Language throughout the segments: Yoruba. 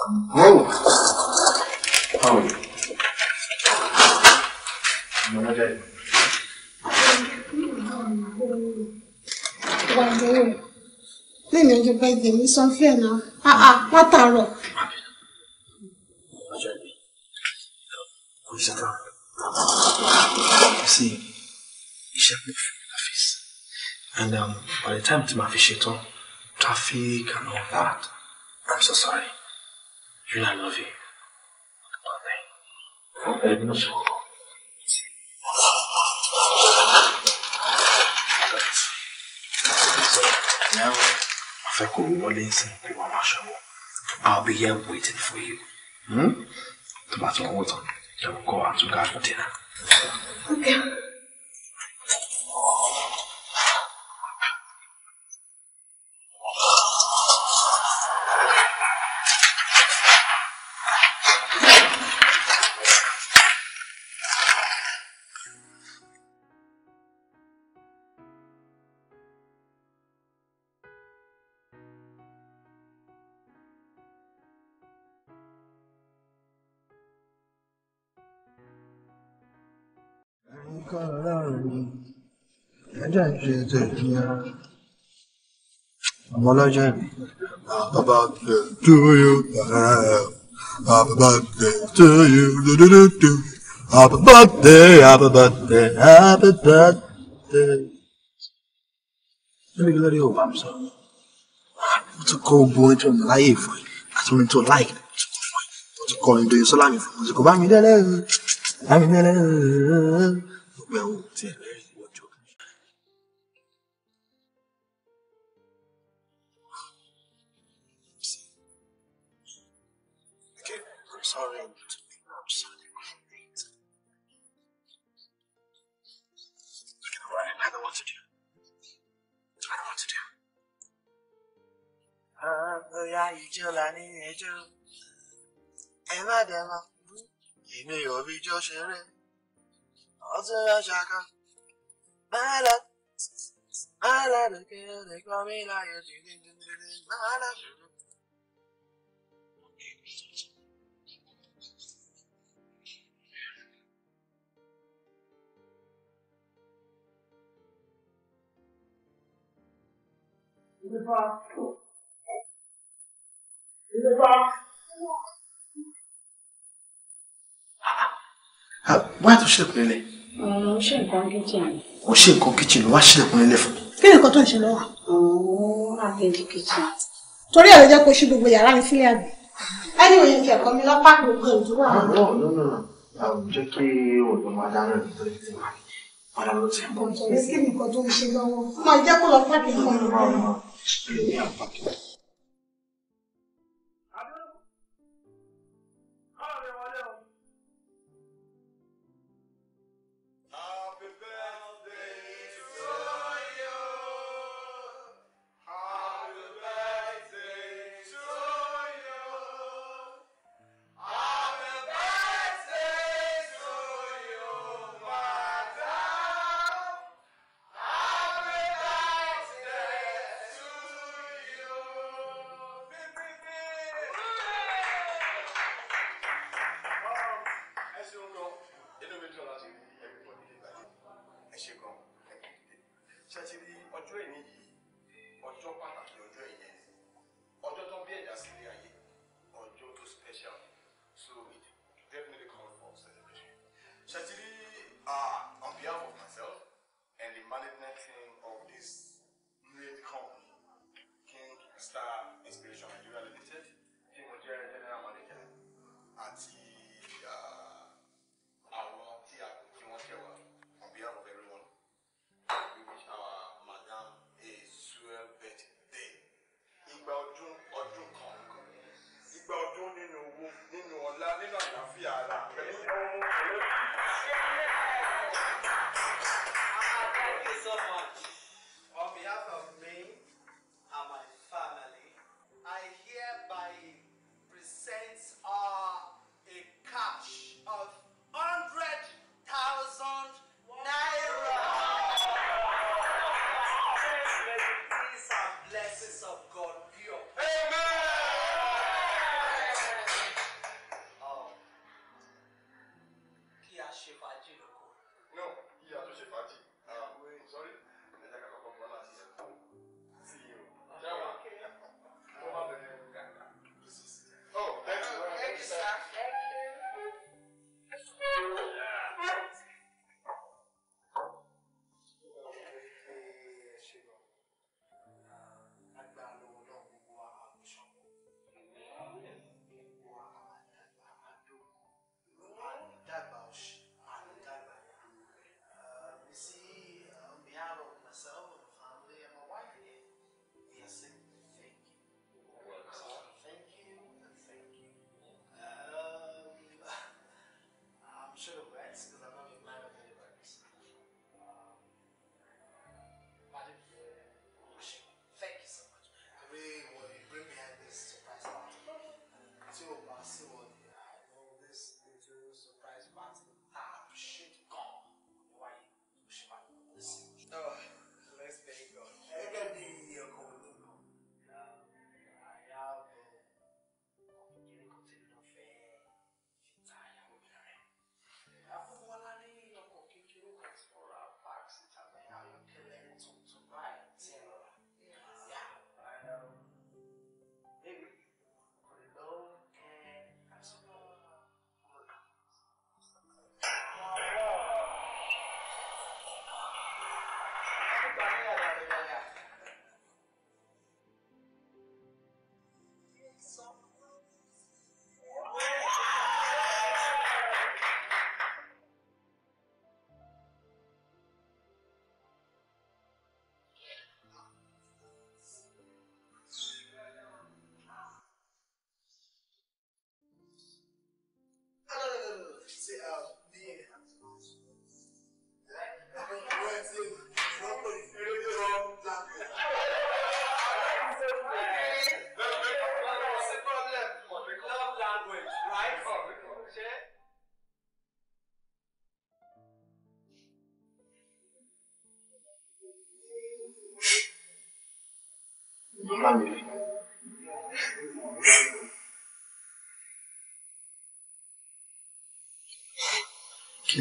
Whoa. How are you? Another day. Lẹ́yìn ọjọ́ bá ah, ah, ìdè mi sọ fẹ́ náà, àà látàárọ̀. Ọjọ́ ìbí, kò ní sábà. Sí iṣẹ́ pé ọ́fíìsì. And um, by the time tí màá fi ṣetán, traffic and all that, I'm so sorry. And I love you. Bye. Bye. Now, if I could wọlé ń sìn pé wàá máa I'll be here waiting for you. Hmm? bá ti wọ́n wọ́n tán, then we'll go out to go for dinner. Okay. ọmọlọ́jọ́ ìbí bàbá tó yó bàbá tó yó dòdòdòdò bàbá tẹ bàbá tẹ bàbá tẹ. lórí lórí ò bá mi sọ mo ti kọ What ohun tí mo láyè fún ẹ àti to tó láìkì mo ti kọ ìdòyìn sọlá mi fún mo ti kọ you mi dẹ́lẹ́ bá mi dẹ́lẹ́ gbogbo ẹ̀wọ̀n tiẹ̀ lẹ́. sorry. I'm sorry. Look at I don't want to do. I don't want to do. Ah, bóyá ijó 你发，你发。wá tó ṣílẹ̀kùn lélẹ̀. ọ̀rọ̀ ṣe nǹkan kíchìn. kò ṣe nǹkan kíchìn ló wá ṣílẹ̀kùn lélẹ̀ fún. kí ni nǹkan tó ń ṣe lọ́wọ́. ọ̀hún àgbèjì kíchìn. torí ẹ̀ ló jẹ́ kó ṣí gbogbo yàrá mi sílẹ̀ àgbẹ̀. ẹni òye ń kẹ̀kọ́ mi lọ́pàá gbogbo ìdúrà. ọ̀nà ọ̀nà àwọn jẹ́ kí òògùn máa dáná nítorí tí wàá ní. ọ̀nà ló ti ń bọ̀. kí ni nǹkan tó ń ṣe lọ́wọ́ 有量化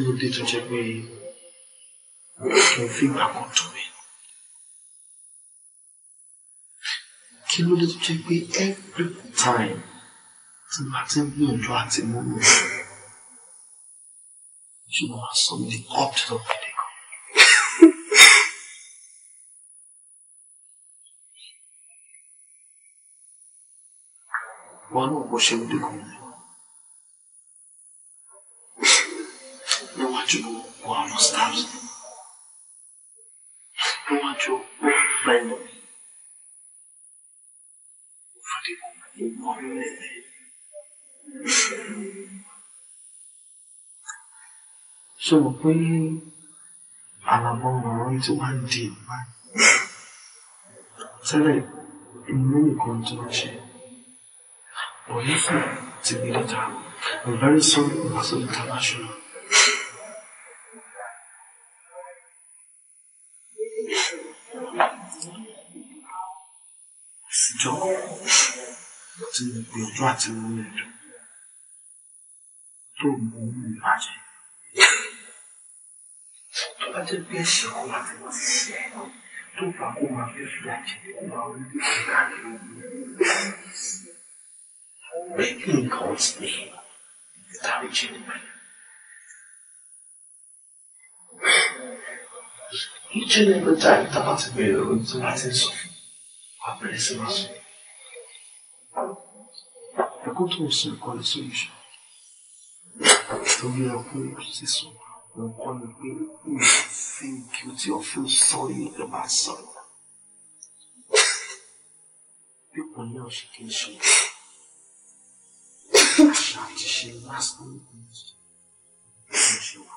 kí ló dé tó jẹ́ pé mo fi ìgbà kan tó mi kí ló dé tó jẹ́ pé every time tí màá ti ń gbìyànjú àti mú mi ṣùgbọ́n wàá sọ mi up to the wedding. wọn náà bó ṣe ń dẹ́kun mi. to go and stab him. I don't want your own friend of me. For the woman, ṣe mọ̀ pé àlàbọ̀n ọ̀rọ̀ ti wá ń di ìgbà tẹ́lẹ̀ inú nìkan tó ń ṣe òye fún ti gbé dẹ́ta I'm very sorry for my son international. tí mo gbìyànjú àti mú mi dùn tó mú mi bàjẹ́. tó bá jẹ́ pé ẹ̀ṣẹ̀ kó máa fi wọ́n ti ṣe ẹ̀ tó bá kó máa fi fi àjẹ́ kó máa wọlé kó káàkiri ogun. bẹ́ẹ̀ kí nǹkan ó ti ní ìdáríjì nígbà yẹn. Each and every time, Tabata Bell, Tabata Sophie, I bless him as well kó tó sùn kọ́ ní solution torí ẹkún sísun nǹkan ni pé o feel guilty or feel sorry about something pípọ̀ ní oṣù kì í ṣe àṣà àti ṣe lásán ní ṣe wà.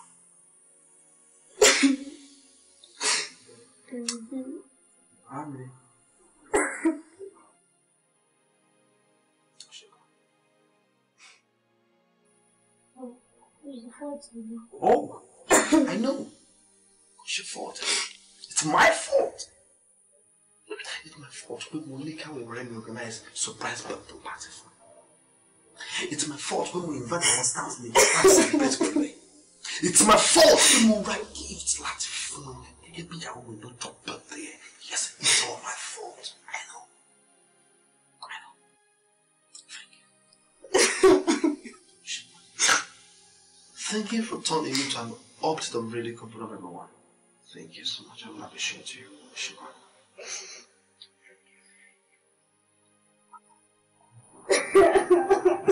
Oh, I know. It's your fault. It's my fault. It's my fault when mo ní káwọn ọ̀rẹ́ mi organize surprise birthday party for. mi. It's my fault when we invite our stars. mi láti celebrate It's my fault pé mo ra gift láti fún mi. Ebi ìyàwó mi birthday Yes, it's all my fault. Thank you for turning me to an opt of really comfortable everyone. Thank you so much. I will appreciate you. Shukran.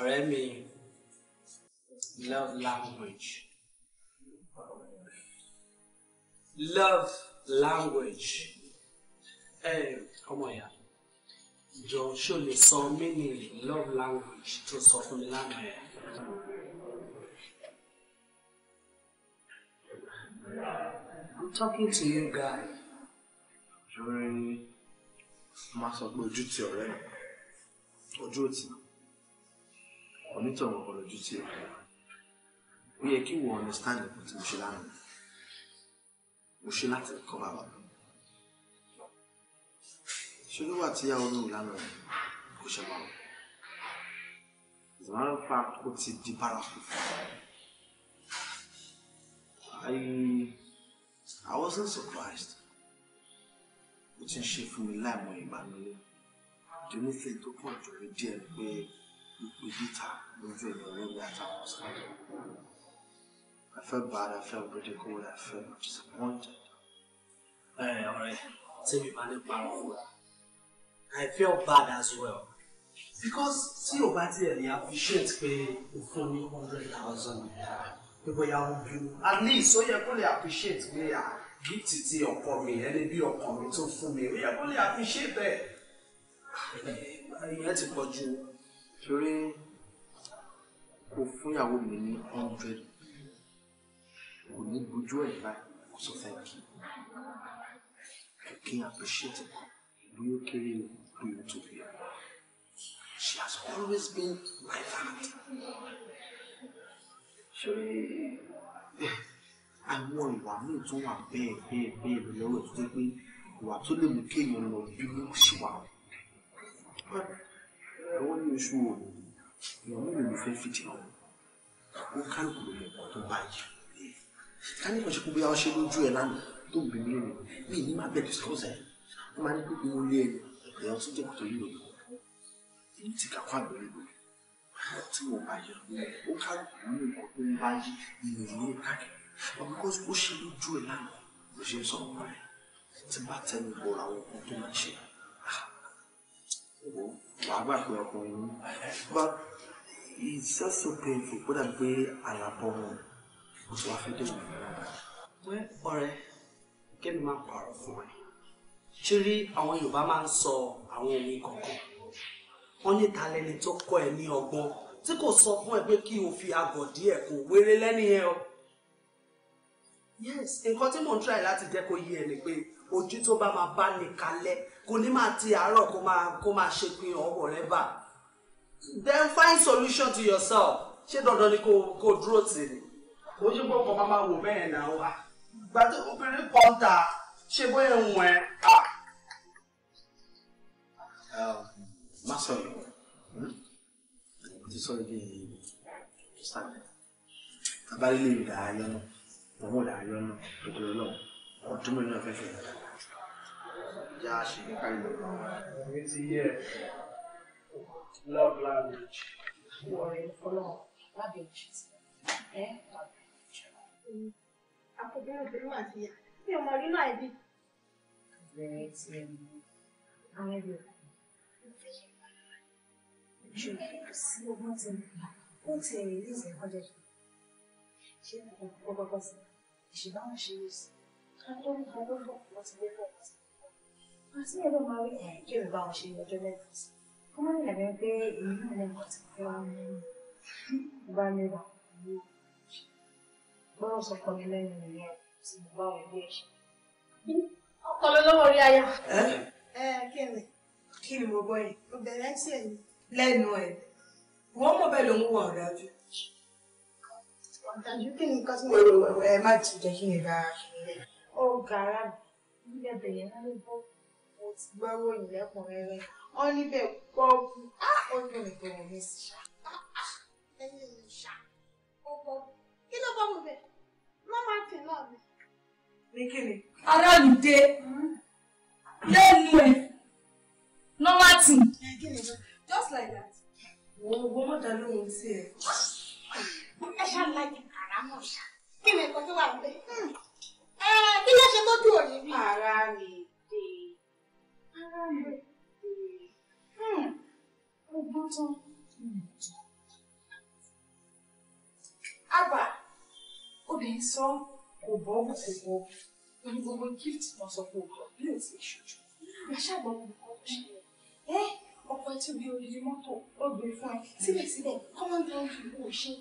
ọ̀rẹ́ mi love language love language ọmọ ìyá John, show me so many love language to sọ fún mi I'm talking to you guy. Ṣé o rí ní máa sọ pé onítọ̀hún ọ̀rọ̀ ju ti ọ̀rọ̀ ó yẹ kí wọ́n understand nǹkan tí mo ṣe lánàá mo ṣe láti kọ́ bàbá ṣé ló wà tí ìyá ọdún lánàá kò ṣe máa wọ ìmọ̀ràn pa ó ti di bárakú. I I wasn't surprised. Ó ti ń ṣe fún mi láìmọ̀ ìgbàlódé. The only thing tó kàn jù mí díẹ̀ bitter within the room that I was I felt bad, I felt cold. I felt disappointed. Hey, all right. Tell me about the I felt bad as well. Because see, o bá tiẹ̀ lè appreciate pay. o fún ní hundred thousand naira bóyá o bí o at least so yẹ kó lè appreciate me. à gift ti ọkọ mi ẹni bí ọkọ mi tó fún mi ó yẹ kó lè appreciate bẹ́ẹ̀. Ìyẹn ti pọ̀ ju ṣorí kò fún ìyàwó mi ní hundred kò ní gbojú ẹ̀ báyìí kò sọ fẹ́ kí kí n appreciate it bóyá ó kéré o bóyá ó tóbi she has always been my friend ṣorí àwọn ìwà míì tó wà bẹ́ẹ̀ bẹ́ẹ̀ bẹ́ẹ̀ lọ́wọ́ tó dé pé ìwà tó lè mú kéèyàn lọ bí ó ṣì wà ẹ̀wọ́n ní oṣù wo ìwọ̀n mélòó ló fẹ́ fìdí wọn ó kálukú lórí ẹ̀kọ́ tó báyìí ká ní ìkànṣe pé bóyá lójú ẹ̀ lánàá tó bì mí ní máa bẹ̀ discuss ẹ̀ máa ní pé mo lé ẹni ẹ̀yà tó jẹ́ kòtò yìí lòdì èmi ti kàkọ́ àgbẹ̀ lónìí tí mo bá yẹ ó kálukú lórí ẹ̀kọ́ tó ń báyìí ìròyìn ní káàkiri but wàá pé ọkùnrin ni but it's just so painful kó dàbí pé àlàbọ̀ wọn kò tó wàá fi dé òun rárá. wẹ́ ọ̀rẹ́ kẹ́mi máa pààrọ̀ fún ẹ ṣé rí àwọn Yorùbá máa ń sọ àwọn òwe kọ̀ọ̀kan wọ́n ní ta lẹni tó kọ́ ẹ ní ọgbọ́n tí kò sọ fún ẹ pé kí o fi agọ̀ díẹ̀ kò wéré lẹ́nìyẹn o yes nǹkan tí mò ń try láti jẹ́ kó yé ẹ ni pé ojú tó bá máa bá ní kò ní máa ti àárọ̀ kó máa kó máa ṣe pin ọ̀wọ̀ rẹ bá then find solution to yourself ṣé dandan ni kò kò dúró tì ní. ojú pọ̀ kọ́ máa wò bẹ́ẹ̀ náà wá ah, gbàtọ́ obìnrin kọ́ńtà ṣe bóyá ń wọ̀ ẹ́ ah. um, má sọ yìí hmm? ti sọ bí sáà tabalẹ̀ lè dà á yọ̀nà tọ́mọ̀ dà á yọ̀nà òkúrò náà ọdún mẹ́rin náà fẹ́ ṣe ní kárí lọ. èmi ti yẹ love language. wọ̀rẹ́ fọlọ́ lábẹ́jì sí ogún ti ṣe é sí àti ẹ̀rọ máa rí kí ni mo gbọ́ yìí. obìnrin tí ẹ̀ ní. lẹ́nu ẹ̀ wọ́n mọ̀ bẹ́ẹ̀ ló ń wọ̀ ọ̀dájú. ọ̀dájú kí ni nǹkan tí mo rò ẹ má ti jẹ́ kí n bá a ṣe ó gara níbẹ̀ bẹ̀yẹ̀ náà ló bọ́ mo ti gbọ́ ròyìn lẹ́kùnrẹ́rẹ́ wọ́n níbẹ̀ gbọ́ bu ó dùn mí tòun mi sí ṣá ẹ̀yìn mi ṣá ó bọ́ kí ló bọ́ mu bẹ̀ mọ́mọ́ àti náà mi. ní kíni. ara mi dé lẹ́nu ẹ̀ normal thing. just like that. wo wo mo dá lóhun sí ẹ. ẹ ṣáà láti kàrà mọ̀ ṣá kí ni nǹkan tó wà níbẹ̀. Hmm ẹ kí ló ṣe tó òní bí. ara mi dé ara mi dé ó hmm, tán. àgbà obìnrin sọ kò bọ́ kò bọ́ pẹ̀lú gbogbo gift wọn sọ pé òkò bí òsì ìṣojú aṣáàgbọ̀ olùkọ́ tó ṣe ẹ ọkọ ẹtí bí odidi mọ́tò ó e fún ẹ síbẹ̀síbẹ̀ common ground yìí kò ṣe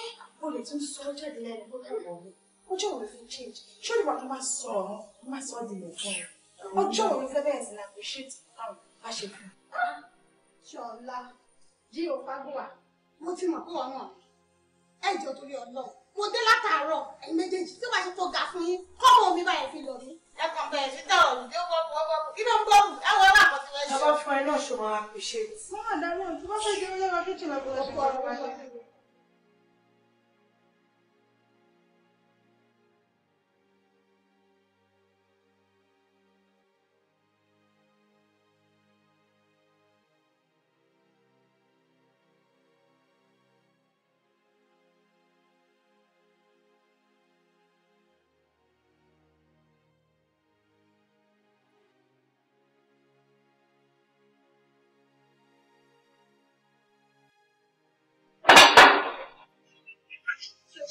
ẹ o lè tún sọ jáde lẹ́nu kó tó wọ̀ wọ́ ọjọ́ òwe fi change ṣé olùwà ló máa sọ ọ́ ló máa sọ ọ́ di ilẹ̀ fún ọ ọjọ́ òwe fẹ́ bẹ́ẹ̀ sí ní appreciate àwọn bá ṣe fún un. ṣọlá jí o fagbọ́wà mo ti mọ̀ pé wọn náà ẹ jọ torí ọlọ́ọ̀ mo dé látàárọ̀ ẹ̀yin méjèèjì tí wàá ṣe tó ga fún yín kọ́mọ mi báyìí fi lọ rí. ẹ kàn bẹ̀rẹ̀ sí tẹ̀ ọ̀rùn tí ó bọ́ bọ́ bọ́ kí ló ń bọ́ bù ẹ̀wọ̀n ẹ̀wọ̀n àkọsílẹ̀ ṣe. ẹ bá fún ẹ náà ṣùgbọ́n appreciate. wọ́n àdá náà tí wọ́n fẹ́ jẹ́ ọlọ́run tó ti bọ̀ ọ́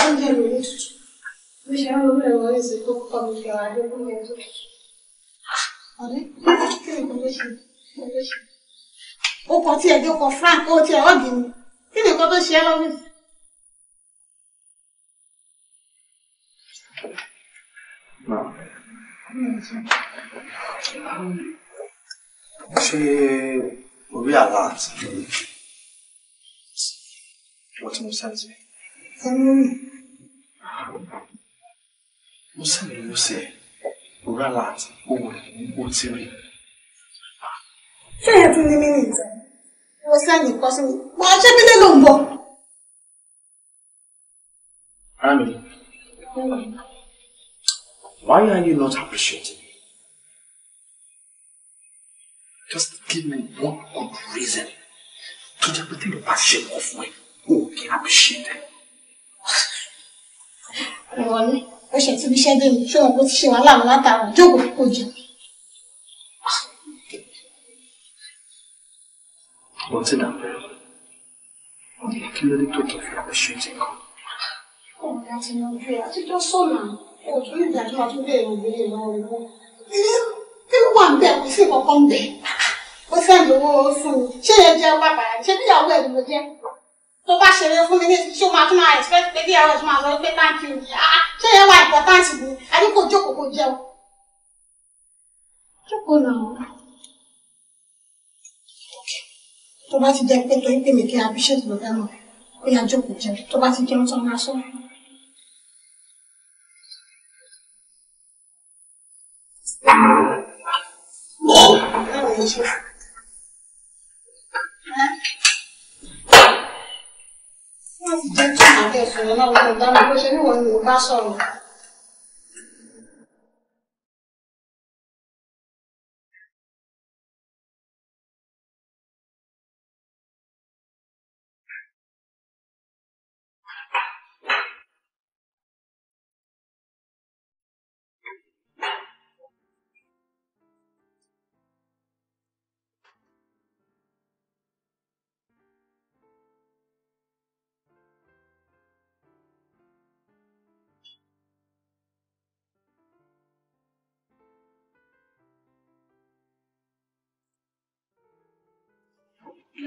oúnjẹ kọ tí ẹjọ́ kọ frank ó tiẹ̀ ọ́ọ̀gì ni kí ni kò tó ṣe ẹ́ lọ́wọ́ ṣé orí àlá àti ìwọ tí mo sẹ́ńtì mo sẹ́ni ló ṣe rárá owó owó tí rí. fẹ́ẹ̀ tún ní mímì ìtàn mo sẹ́ni kọ́ sí mi mo ṣe bí lè ló ń bọ̀. Ami, why are you not appreciating? Just give me one good reason to jẹ́ pé tí mo bá ṣe mọ̀ fún ẹ, o kì í appreciate it wọlé ó ṣe ti bíṣẹ́ dé mi ṣé wọn kò ti ṣe wàhálà mi látara jókòó kò jẹ. wọ́n ti dà bẹ́ẹ̀ kí ló dé tó tó fi àpèṣe ti kàn. ọ̀gá ti lọ bí àtijọ́ sọ̀nà òtún ìdájọ́ àti bẹ́ẹ̀ ló gbé e lọ́wọ́ owó. kí ló wà níbẹ̀ kò sí kankan bẹ̀. ó sẹ́yìn owó oṣù ṣé yẹn jẹ́ bàbá ṣé bí ìyàwó ẹ̀ ló jẹ́ tó bá ṣeré fún mi ní ṣó máa tún máa expect pé kí ẹ̀rọ máa sọ pé thank you ah, ah, ṣé ẹ wá important ni àbí kò jókòó kò jẹun. jókòó náà. tó bá ti jẹ pé torí pé mi kí abíṣẹ́ tó fẹ́ mọ̀ ó yá jókòó jẹun tó bá ti jẹun tó máa sọ. Thank you. sọ̀rọ̀ náà wọ́n lọ bá mi bó ṣe Okay, sí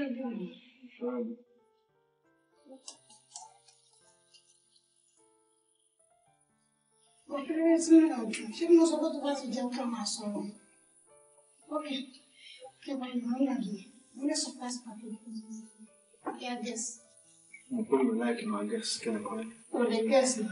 ìrìnàjò, ṣé mo sọ pé tó bá ti jẹun ká máa sọ̀rọ̀? Ókè, kí wọ́n yọ ìrìnàjò, mo ní surprise pàtó fún mi. Ìyá gẹ̀ẹ́sì.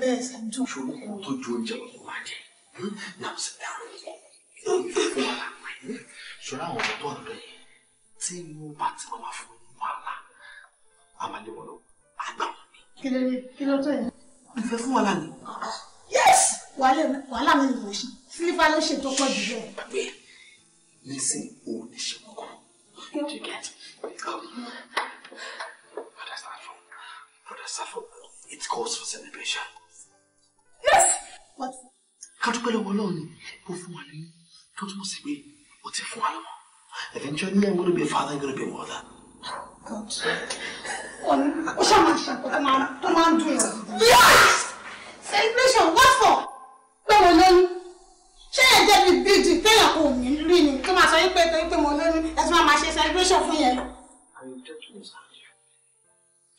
bẹ́ẹ̀ ṣáájú. ṣòro kò tó ju oúnjẹ òun wá jẹ náà sì dáhùn fún wa lápá yìí ṣọlá àwọn ọmọ tó ọ̀dọ́ yìí tí mo ni. kí ló dé kí ló tó yẹn. yes wàhálà mi ni mo ṣe sílífà ló ṣe tó pọ̀ jù bẹ́ẹ̀. gbàgbé nísìn òun ní ṣe kọ́kọ́ jẹ́gẹ́ Brother calls for celebration yes. what? dúpẹ́ lọ́wọ́ náà ni ó fún wa lóyún tó túmọ̀ sí pé ó ti fún wa lọ́wọ́ eventually i'm gonna be a father i'm gonna be a mother. ó ṣàmà ṣàkóso tó máa ń dùn yàrá. yes celebration what for pé mo lóyún ṣé ẹ jẹ́ bí bíi di téèyàn kò ní rí ni tó máa sọ yín pé torí pé mo lóyún ẹ ti máa máa ṣe celebration fún yẹn lọ.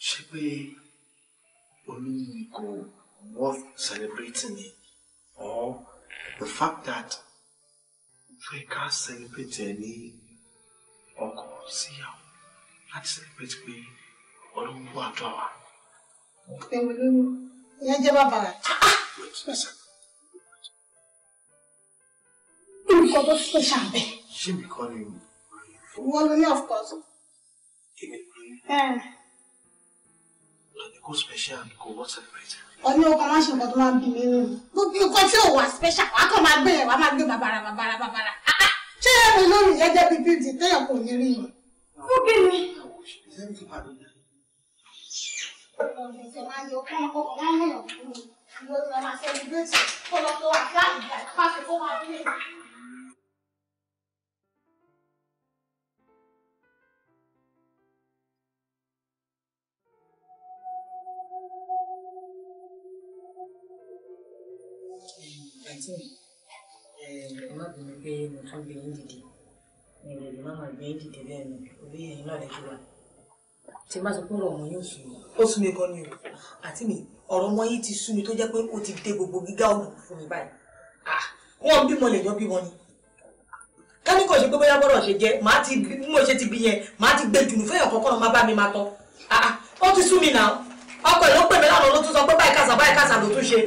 ṣé pé olóyún ni kò worth celebrating in or the fact that pé can't celebrate ẹ ní see síyàwó láti celebrate pé ọdún gbọ́ àdúrà wa. ẹ̀wọ̀n ló ń ìyẹn me. bàbá rẹ̀. Ah, ah, nǹkan tó tún ṣàbẹ̀. ṣé mi kọ́ ni o. wọ́n ló ní of course. èmi kò ní. lọ́dẹ̀ kó special kó wọ́n celebrate ọní ọkọ máa ń ṣe nǹkan tó máa ń bí mi nù. gbogbo nǹkan tí ò wà special wàá kàn máa gbé yẹn wàá máa gbé bàbàrà bàbàrà bàbàrà. Ah, ah. ṣé ẹ̀rọ lórí yẹn jẹ́ bíi fífi téèyàn kò ní rí i. fún kí ni. ọ̀sẹ̀ máa ń yọ ọkọ̀ ọkọ̀ wọn mú yàn kúrò lórí ọmọ sẹ́lẹ̀bẹ̀tì kó lọ tó wà fúláàgì àti pàṣẹ kó máa bí èèyàn. nineteen ẹ sọ pé ọmọ yóò sùn ó sún mi gan ni o àti mi ọ̀rọ̀ ọmọ yìí ti sú mi tó jẹ́ pé ó ti dé gbogbo gíga ọ̀nà fún mi báyìí wọ́n bímọ lè yọ bímọ ni kẹ́míkọ̀ ṣe pé bóyá bọ́dọ̀ ṣe jẹ́ màá ti bí mo ṣe ti bí màá ti gbé jùlù fẹ́yàn kọ́kọ́ máa bá mi máa tọ́ ó ti sú mi náà ọkọ ẹ̀ ló pè ló tún sọ pé báyìí kàṣà báyìí kàṣà ló tún ṣe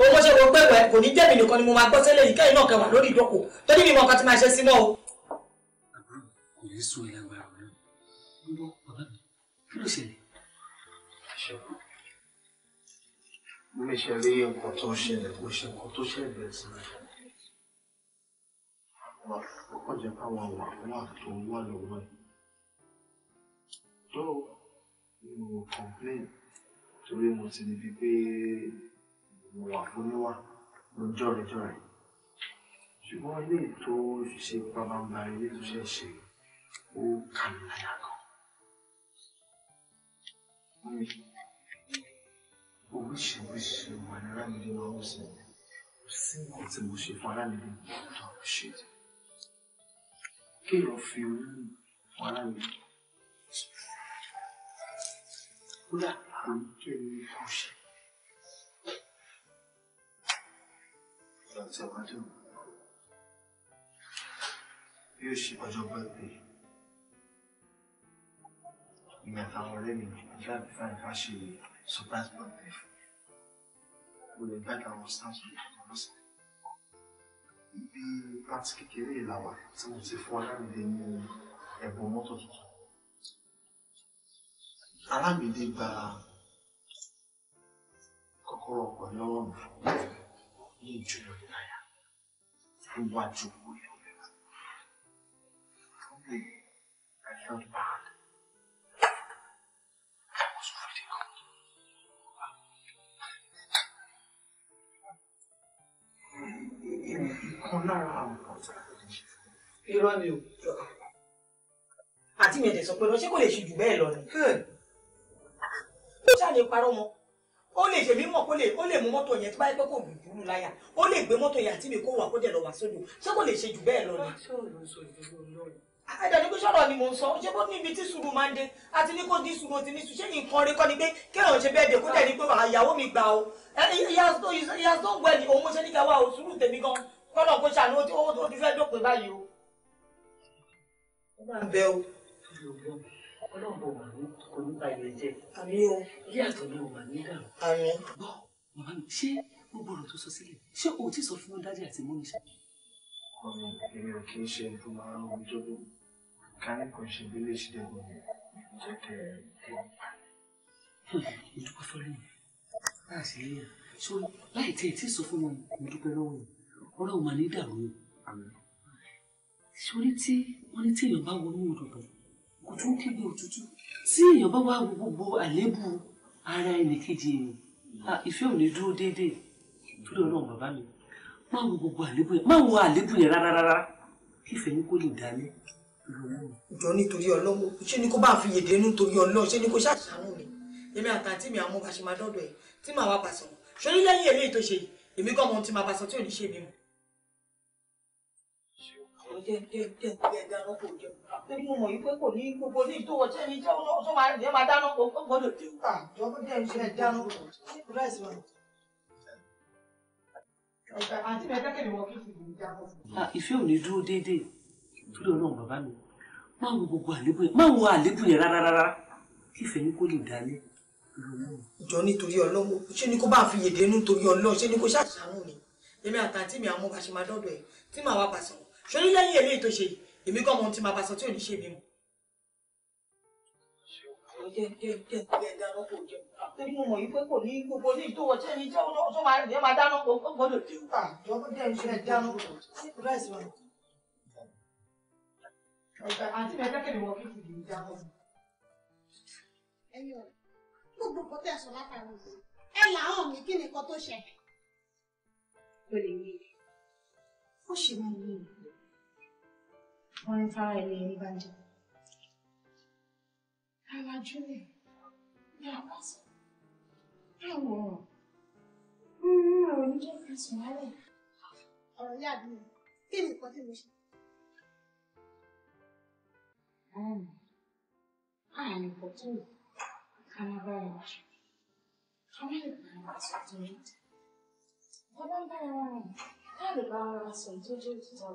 mo bọ́ ṣe mo pé kò ní jẹ́mi nìkan ni mo máa gbọ́ sílẹ̀ yìí kẹ́yìn náà kẹwàá lórí ìdókò tó ní ìmọ̀ kan ti máa ṣe sí mọ́ o. bàbá kò ní sún ẹ lágbára mi ń bọ bàbá mi kí ló ṣẹlẹ̀. mo lè ṣe rí nǹkan tó ṣẹlẹ̀ kó ṣe nǹkan tó ṣẹlẹ̀ sí mi. ọkọ̀ jẹ́ káwọn wà wà tó wà lọ́wọ́ ẹ̀. tó mi ò torí mo ti di bíi pé mo wà fún níwà mo jọrẹ jọrẹ ṣùgbọ́n ilé ètò ìṣe pàbàǹbà ilé tó ṣe ṣe ó kà mí oríṣiríṣi ìwà ni Lámídé máa ń sìn kò sí nǹkan tí mo ṣe fún Lámídé tó ṣe kí lọ fi orí fún Lámídé kódà kò ní kí ẹni tó ṣe. àtẹ̀wájú yóò ṣe ọjọ́ bẹ́ẹ̀ ìmọ̀ àtàwọn ọ̀rẹ́ mi ìgbà ìfà ìfà ṣe surprise birthday mo lè gbá àwọn staff mi kọ̀ọ̀kan lọ́sẹ̀ ibi pàtí kékeré ìlàwà tí mo ti fún Alámídé ní ẹ̀bùn mọ́tò tuntun Alámídé gba kọ́kọ́rọ́ ọkọ̀ lọ́wọ́ mi fún mi injuno mi. irọ́ sọ pé lọ ṣé kò lè ṣe jù bẹ́ẹ̀ lọ ni. ó ṣáà lè parọ́ mọ́ ó lè ṣèmí mọ̀ kó lè ó lè mú mọ́tò yẹn tó bá yẹ pé kò lù dúró láyà ó lè gbé mọ́tò yẹn àti mi kó wà kó dẹ̀ lọ wá sódò ṣé kò lè ṣe jù bẹ́ẹ̀ lọ ni. àdàní pé sọ̀rọ̀ ni mò ń sọ ṣé bó níbi tí sùúrù máa ń dé àti ní kó ní sùúrù ti ní sùúrù ṣé nǹkan rẹ kọ́ ni pé kéèyàn ṣe bẹ́ẹ̀ dé kó dẹ̀ ní pé àyàwó ah, mi gbà o ìyá tó gbẹ ni òun ṣe ní ká o sùúrù tèmi gan kọ́nà kó ṣàánú ó ti fẹ́ dópin báyìí o. ó máa ń bẹ o ọlọ́run bọ̀ wà ní kò ní báyìí jẹ́. àmì o. ilé àtọ̀ ni òun wà ní dàrú. àmì. bọ́ màmá mi ṣé gbogbo ọ̀rọ̀ tó sọ sílẹ̀ ṣé o ti sọ fún dájú àti mọ́mi ṣe. ọmọ èmi ò kì í ṣe nǹkan máa ń rọjò ló kárí kan ṣe bí lè ṣe dẹ́gbọ̀n mi jẹ́ kẹ́ ẹ kẹ́ ẹ pa. mo dúpẹ́ fọ́lẹ́ mi láì sí lẹ́yìn ṣó láì tẹ́ ẹ tí sọ fún wọn mo dúpẹ́ lọ́wọ́ yìí ọ̀rọ̀ ò máa ní dàrú kò tún kí bí òtútù tí èèyàn bá wá wo gbogbo àléébù ara ẹnìkejì èèyàn ìfẹ́ ò ní dúró déédéé torí ọlọ́run bàbá mi má wo gbogbo àléébù yẹn má wo àléébù yẹn rárá rárá kí ìfẹ́ yín kó lè dání ìjọ nítorí ọlọ́wọ́ ṣé ni kó bá fi yèdè nítorí ọlọ́ ṣé ni kó ṣàṣàánú mi èmi àtàntí mi àwọn ọmọ àṣemáadọ́dọ̀ ẹ̀ tí màá wá pàṣọ ṣé ní lẹ́yìn eléyìí tó ṣe yìí èmi kọ́ ọmọ ohun tí màá pàṣọ tí ò ní ṣe mí mọ́ jẹ jẹ jẹ jẹ dáná kò jẹun torí mo mọ̀ yìí pé kò ní gbogbo ní ìtòwọ̀ tí ẹni jẹ́ ọ̀ṣọ́ máa rìn máa dáná kò gbọ́dọ̀ jẹun. àjọ jẹ́ ìfẹ́ ò ní dúró déédéé torí ọlọ́run bàbá mi má wo gbogbo àlébù yẹn má wo àlébù yẹn rárá kí ìfẹ́ yín kó lè dálé ìjọ nítorí ọlọ́wọ́ ṣé ni kó bá fi yèdè nítorí ọlọ́ọ̀ ṣé ni kó ṣàṣàrùn ni èmi àtàntí mi àwọn ọmọ bá dọ́dọ̀ ẹ̀ tí màá wá bá sọ̀rọ̀ ṣorí lẹ́yìn eléyìí tó ṣe yìí èmi kọ́ mọ ohun tí màá bá sọ tí ò ní ṣe mí mu. Ah, gbogbo nǹkan tẹ̀ látàrí Ẹ làwọn mi kí ni nǹkan tó ṣẹlẹ̀? Ó lè ní. Ó ṣe máa ń ní ìlú fọ́nrín fara ilé rí bàjẹ́. Alájú ni ní àbáṣọ. Báwo ọ̀rọ̀? Nínú ọ̀rọ̀ ní jẹ́ fẹ̀sùn wálẹ̀. Ọ̀rọ̀ yà bí mi, kí ni nǹkan tí mo ṣe? Ọ̀rọ̀ àrùn nǹkan tó wù ká má bára wa ṣe. Ká má lè sọ tó yẹ. Bá ń bára wa rìn, ká lè bára wa sọ tó jẹ́ òtítọ́.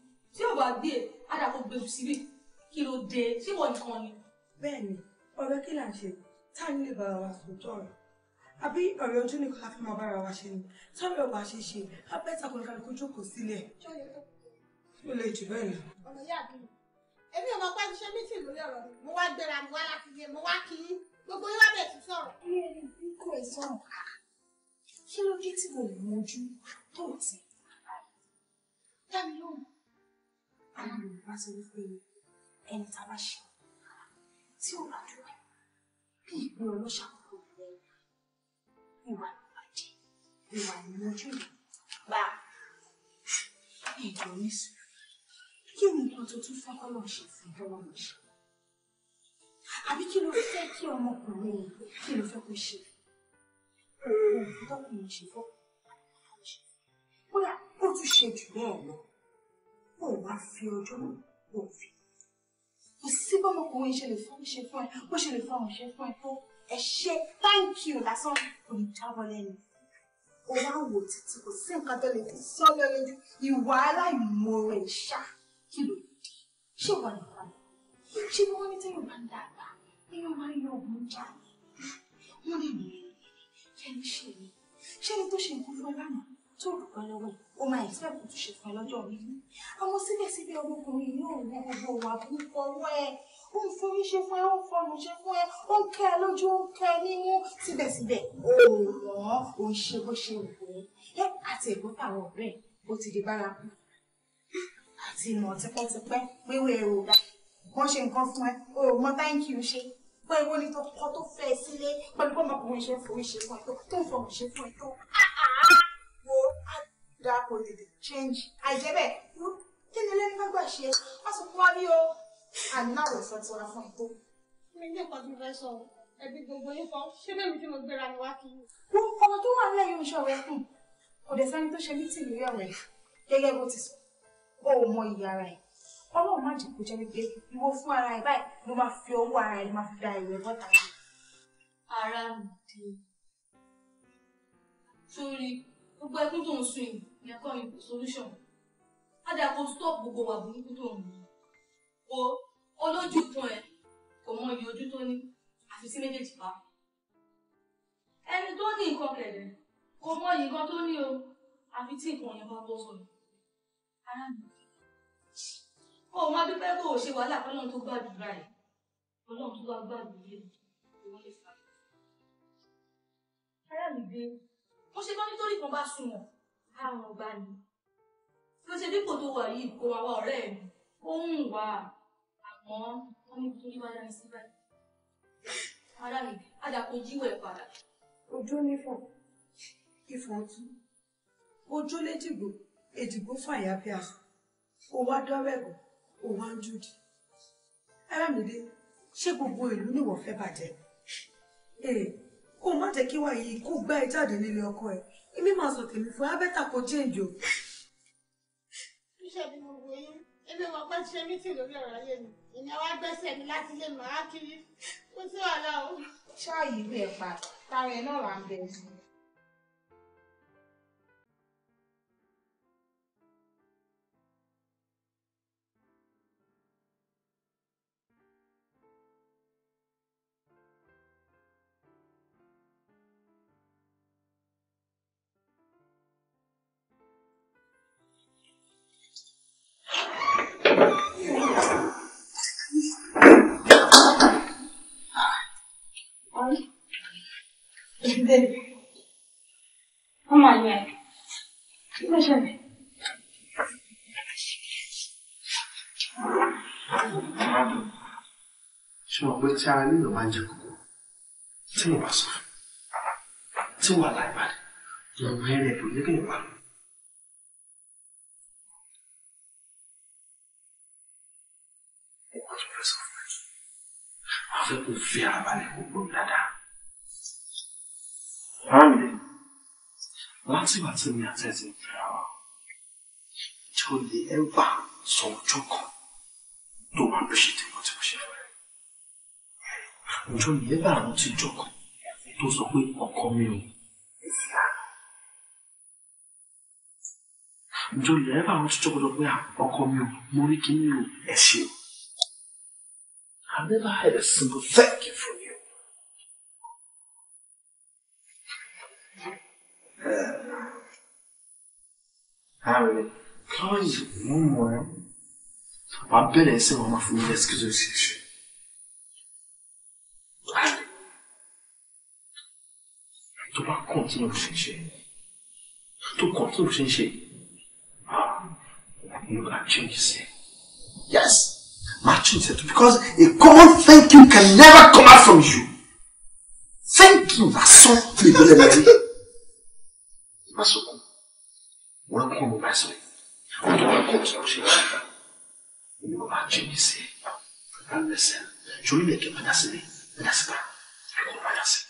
tí ò bá gbé e ádàkó gbé e síbí kí ló dé ṣé wọ́n nìkan ni. bẹ́ẹ̀ni ọ̀rẹ́ kí là ń ṣe tá a nílè bára wa sòótọ́ ọ̀rọ̀ àbí ọ̀rẹ́ ojú nìkan la fi máa bára wa ṣe ni tọrọ ọba ṣe ṣe abẹ takùnrin kálukú jókòó sílẹ̀. ó lè jù bẹ́ẹ̀ lọ. ọmọ ìyá mi èmi ò mọ pé ṣe mítì lórí ọ̀rọ̀ mi mo wá gbéra mi wá láti yé mo wá kí í gbogbo yín wá bẹ̀ tún sọ̀rọ̀. bí kò ì kí ló dé tí mo lè mojú tó tì dábì àwọn Yorùbá sọ wípé ẹni tá a bá ṣe tí ò bá dúró bí ìgbé ọlọ́ṣà kúrò lẹ́yìn ìwà ìbàjẹ́ ìwà ìmọ̀jú bá ìjọ nísìnyí kí ni nǹkan tó tún fẹ́ kọ́lọ́ ṣe fún ìjọba mi ṣe àbí kí ló fẹ́ kí ọmọkùnrin yìí kí ló fẹ́ kó ṣe òògùn tọkùnrin ṣe fọ́ bóyá ó tún ṣe jù bẹ́ẹ̀ lọ ò wá fi ọjọ́ ò fi. kò sí bọ́mọkùnrin ṣe lè fún mi ṣe fún ẹ bó ṣe lè fún àwọn ṣe fún ẹ tó ẹ ṣe thank you lásán kò ní jábọ́ lẹ́nu. ó wá wò títí kò sí nǹkan tó lè fi sí ọ lójú ìwà aláìmoore ṣá kí ló dé ṣé wà nìkan ṣé ni wọ́n ní tẹ́yìn bá ń dàgbà èèyàn máa ń yọ ògùn jáde wọ́n lè ní ẹni ṣe ni ṣé ni tó ṣe nǹkan fún ẹ lánàá tó rù kan lọ́wọ́ yìí ó máa expect kò tún ṣe fún ẹ lọ́jọ́ mi àmọ́ síbẹ̀síbẹ̀ ọmọkùnrin yìí ò wọ gbogbo wà burúkú ọwọ́ ẹ ó ń forí ṣe fún ẹ ó ń fọnù ṣe fún ẹ ó ń kẹ́ ẹ lójú ó ń kẹ́ ẹ nímú síbẹ̀síbẹ̀ ó wọ́n ó ń ṣe bó ṣe wù ú ẹ àti ẹ̀gbọ́n tàwọn ọ̀rẹ́ ó ti di bárakú àti ìmọ̀ tipẹ́tipẹ́ wíwé ẹ̀rọ dá wọ́n ṣe nǹkan fún ẹ o mọ thank you ṣe pé owó ní tọkọ tó fẹ́ sílé pẹ̀lú bọ́mọkùnrin ṣe ń ṣe fún ẹ tó tó ń fọmọ ṣe fún ẹ tó. Ah, ah, ah dáko tètè change àìjẹ́bẹ̀ kí ni lẹ́nu bá gbà ṣe wá sọ fún wa bí o ànáwó sọ ti wá fún ètò. mi ní ìkọ́ tí mo fẹ́ sọ ẹbí gbogbo yín kan ṣé bẹ́ẹ̀ tí mo gbéra ni wá kí. wọ́n ọmọ tó wà nílẹ̀ yóò ṣe ọ̀rẹ́ fún kò dẹ̀ sẹ́ni tó ṣe ní tìlú ọ̀rẹ́ gẹ́gẹ́ bó ti sọ ó mọ ìyá ara ọlọ́run má jẹ́ kó jẹ́ wípé ìwọ fún ara ẹ̀ báyìí ló máa fi owó ara ẹ̀ máa fi da ìwé bọ́ta yìí. ara mi dé torí gbogbo ẹkún tó ń sún yìí ìyẹn kọ́ ni solution á dà kó stop gbogbo wà burúkú tó ń bu o olójú fún ẹ kò mọ iye ojú tó ní àfi sí méjèèjì pa ẹni tó ní nǹkan kẹ̀lẹ̀ kò mọ iye nǹkan tó ní o àfi tí nǹkan yẹn bá bọ́ sọ̀rọ̀ ara mi kó o má dúpẹ́ kó o ṣe wàhálà kọ́lọ́n tó gbàdúrà ẹ̀ ọlọ́run tó bá gbàdúrà ẹ̀ ìwọ lè fà á. ara mo ṣe bá nítorí kan bá sùn àrùn ọ̀gbà ni ló ṣe dípò tó wà yìí kó wa wá ọ̀rẹ́ mi ó ń wà àmọ́ wọ́n ní kí wọ́n dá mi sí báyìí ara mi àdàpọ̀ jíwọ̀ ẹ̀ padà. ojú onífọ̀ ìfọ̀ ọtún ojú lédìgbò èdìgbò fàyà bí aṣọ òwà dọ́rẹ́gọ̀ òwà ń jùdì. Arámìdé ṣé gbogbo ìlú nìwọ fẹ́ bàjẹ́? Ee, kó má jẹ́ kí wàá yìí èmi máa sọ tèmi fún abẹ́tà kò jẹ́ǹjò. iṣẹ́ bí mo wòye ebi wọn pẹ́ ṣe mí tì lórí ọ̀rọ̀ ayé mi èmi àwa gbẹ́sẹ̀ mi láti lè máa kiri kó tí wà lọ́wọ́. ṣáà yìí bí ẹ̀ pa tara ẹ̀ náà wà ń bẹ̀rẹ̀ sí tí ara nílò máa ń jẹ kókó tí mo bá sọ tí wà láì balẹ̀ ìwọ̀n ẹ̀rẹ̀ kò yẹ kí n wà lọ. fẹ́ kó fi ara balẹ̀ kó gbọ́ dáadáa. Báyìí, látìgbà tí mi àti ẹ̀sìn fẹ́ra wa, tí o lè ẹ́ wà sọ ọjọ́ kan tó máa ń lọ ṣètò ìwọ́n tí mo ṣe fẹ́ ọjọ́ never had a single thank you from you. Uh, Harry, can I use one more? I'm better, so I'm not from the excuse. Tu bá kọ̀ǹtínú bó ṣe ń ṣe tó kọ̀ǹtínú bó ṣe ń ah, ṣe you can change Yes, ma change it because a common thinking can never come out from you. Thinking lásán lè bẹ̀rẹ̀ lẹ́yìn. Má sọkún, wọ́n kún ọmọ bá sọ̀rọ̀, wọ́n tó bá kọ̀ǹtínú bó ṣe ń ṣe. You can change it. And listen, ṣorí lè kẹ́ padà sílé, padà síta, ẹ̀kọ́ padà sílé.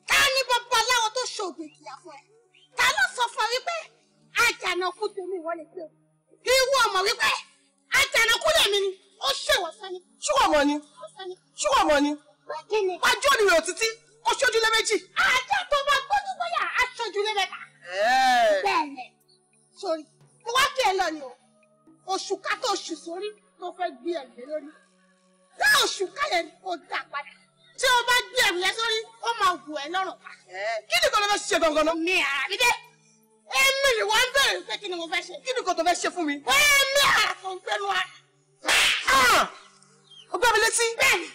orí bàbá aláwọ̀ tó ṣògbè kìá fún ẹ ta ló sọ fún ẹ wípé àjànàkú tèmi ìwọ lè pè ó ìwọ ọmọ wípé àjànàkú lèmi ni ó ṣèwọ sani. ṣúwọ̀ mọ̀ ni ṣúwọ̀ mọ̀ ni wájú ònìyàn òtítí ó ṣojú lé méjì. àjọ tó bá gbójú bóyá aṣojú lé mẹ́ta. bẹ́ẹ̀ni sori mo wá kí ẹ lọ ni o oṣù ká tó oṣù sórí mo fẹ́ gbé ẹgbẹ́ lórí. láà oṣù ká yẹn kò dá padà tí o bá gbé ẹ̀wù yẹn sórí ó máa wù ẹ́ lọ́rùn pa. kí ni kò ló fẹ́ ṣe gangan náà. mi àbídé èmi ni wọ́n ń bèrè pé kí ni mo fẹ́ ṣe. kí ni kò tó fẹ́ ṣe fún mi. èmi àkọ́ ń gbẹ́nu wa. o gbọ́ mi létí. bẹ́ẹ̀ni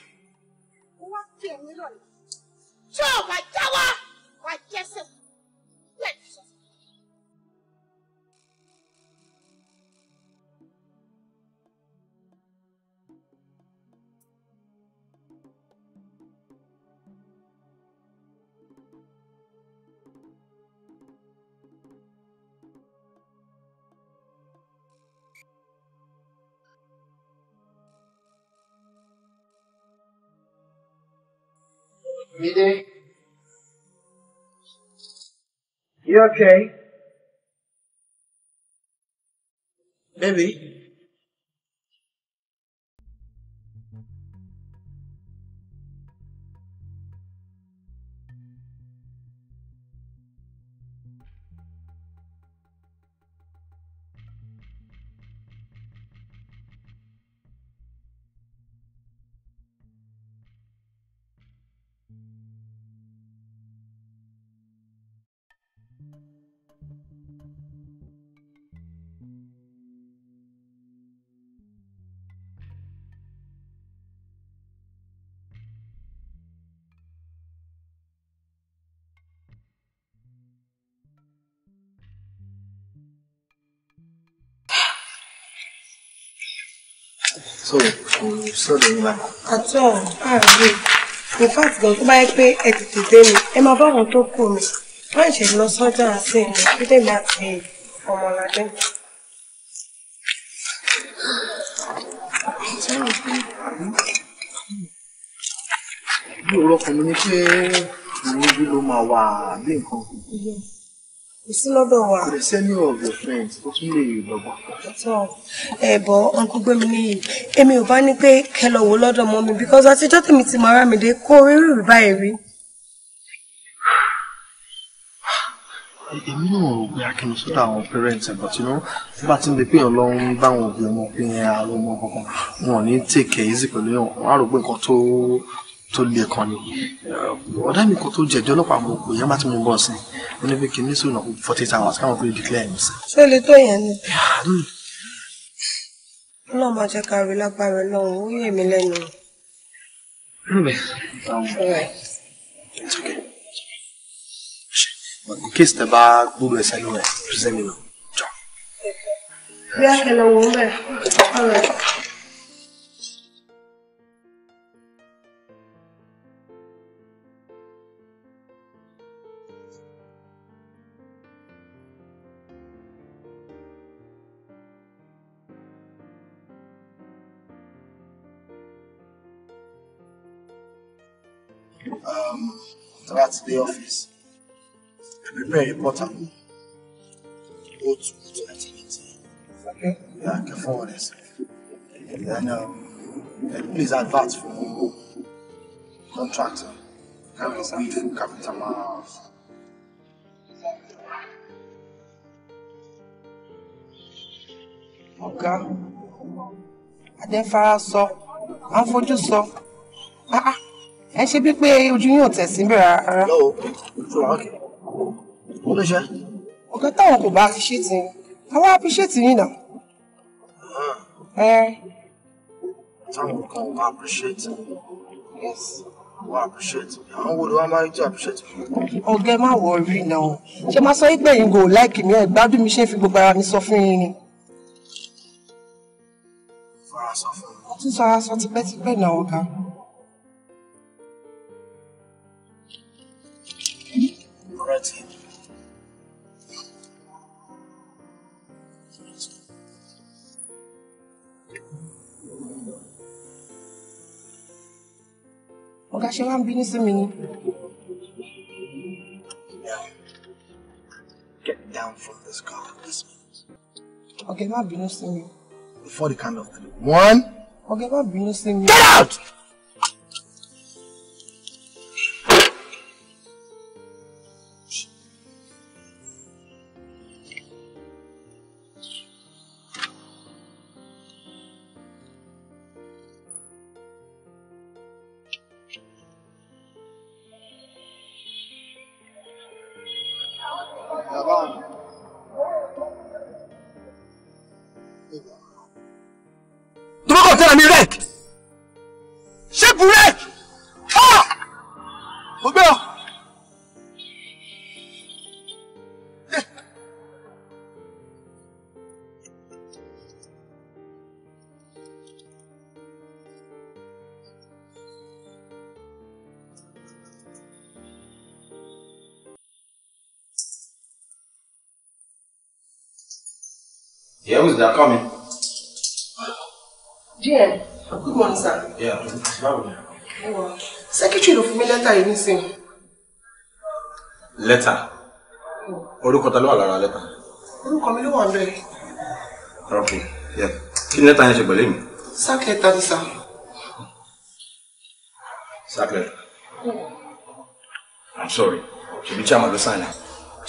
mo wá fi ẹ̀wù yẹn lọ rẹ̀ tí o bá jáwọ́ wá jẹ́sẹ̀ fún You okay? Maybe. so kò sọ̀rọ̀ yín báyìí. àtọ́ ààrẹ in fact gan tó bá yẹ pé ẹ tètè dé mi ẹ máa bá àwọn tó kù mi wọ́n ṣe lọ sọ́jà àti ẹ̀mí bídèmí àti ọmọlàdé. bí òrọ́kùnrin ni pé ìwé ló máa wà bí nǹkan kò sí lọ́dọ̀ wa. kò sí any of your friends tó tún lè lọ́gbọ́n. ẹ̀bọ̀ uncle Gbéminíyì èmi ò bá ní pé kẹ́ lọ wò lọ́dọ̀ mọ́ mi because àtijọ́ tèmi ti mọ ara mi dé kó rírì rí báyìí rí. èmi náà rò pé akin sọ́dọ̀ àwọn parents but you know nígbà tí ń de pé ọlọ́run báwọn òbí ọmọ pé àwọn ọmọ kankan wọn ò ní take easy pẹ̀lú wọn á rò pé nǹkan tó tó le kan ni ọ̀dà mi kò tó jẹ̀jọ́ ọlọ́pàá mo kò yẹn bá ti mú bọ́ sí mo ní pé kí n ní sọ̀nà forty hours káwọn tó lè declare mi sí. ṣé o tó yẹn ni. náà máa jẹ́ ká rí lágbára lọ́hùn ó yé mi lẹ́nu. in case tẹ bá gbúdọ̀ ẹsẹ̀ lọ́wọ́ ẹ̀ ṣiṣẹ́ mi lọ. bí a ṣe lọ wò ó bẹ̀ ọ̀rẹ́. the office and prepare a portable. Go to go to Okay. Yeah, I can forward this. And um, and please advert for contractor. Can be with full capital so. I'm for you so. ah ah ẹ ṣe bí pé ojú yóò tẹ̀ sí bẹ̀rẹ̀ rárá. ọ̀gá táwọn kò bá appreciate yín àwọn yín ah. àwọn wo ni wọ́n máa ń jẹ́ appreciate. ọ̀gá ẹ má worry náà ṣe máa sọ pé ẹ̀yin kò láìkì mi ẹ̀ gbádùn mi ṣe fi gbogbo ara mi sọ fún yín ni. fara sọ fún mi. wọ́n tún sọ ara sọ tipẹ́tipẹ́ náà ọ̀gá. rántí. ọ̀gá ṣe wá ń bínú sí mi ni. Get down from this car this minute. Ọ̀gá má bínú sí mi. Before the count One. Ọ̀gá má bínú sí mi. Get out! burek ṣé burek mo gbé ọ. Yeah, who's that coming? báwo ni àná. sẹ́kítírì ló fún mi lẹ́tà yìí nísìnyí. lẹ́tà orúkọ ta ló wà lára lẹ́tà. orúkọ mi ló wà bẹ́ẹ̀. ok yeah. kí ni lẹ́tà yẹn ṣe pẹ̀lú mi. sáàkì lẹ́tà ni sá. sáàkì lẹ́tà. i'm sorry ṣebí chairman ló sign am.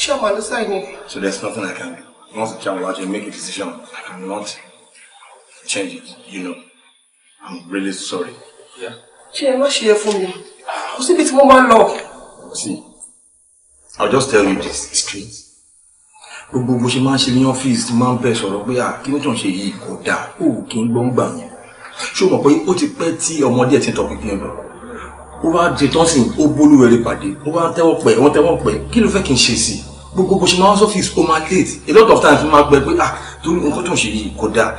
chairman ló sign am. so there's nothing i can do once the chairman actually make a decision i cannot change it you know i'm really sorry ṣé ẹ má ṣe ẹ fún mi kò síbi tí mo máa ń lọ. see i'll just tell you this straight gbogbo bó ṣe máa ń ṣe ní ọ́fíìsì tí máa ń bẹ̀ sọ̀rọ̀ pé ah, kí ló tún ṣe yìí kò dáa ó kì í gbọ́ngbà yẹn ṣé o mọ̀ pé ó ti pẹ́ tí ọmọdé ẹ̀ ti ń tọ̀ pínpín ọ̀rọ̀ ó wá di tọ́sìn ó bólú rẹ̀ pàdé ó wá tẹ́wọ́ pẹ́ wọ́n tẹ́wọ́ pẹ́ kí ló fẹ́ kí n ṣe sí gbogbo bó ṣe máa ń sọ́fíìsì ó máa late a lot of times ó máa gbẹ pé ah torí nǹkan tó ń ṣe yìí kò dáa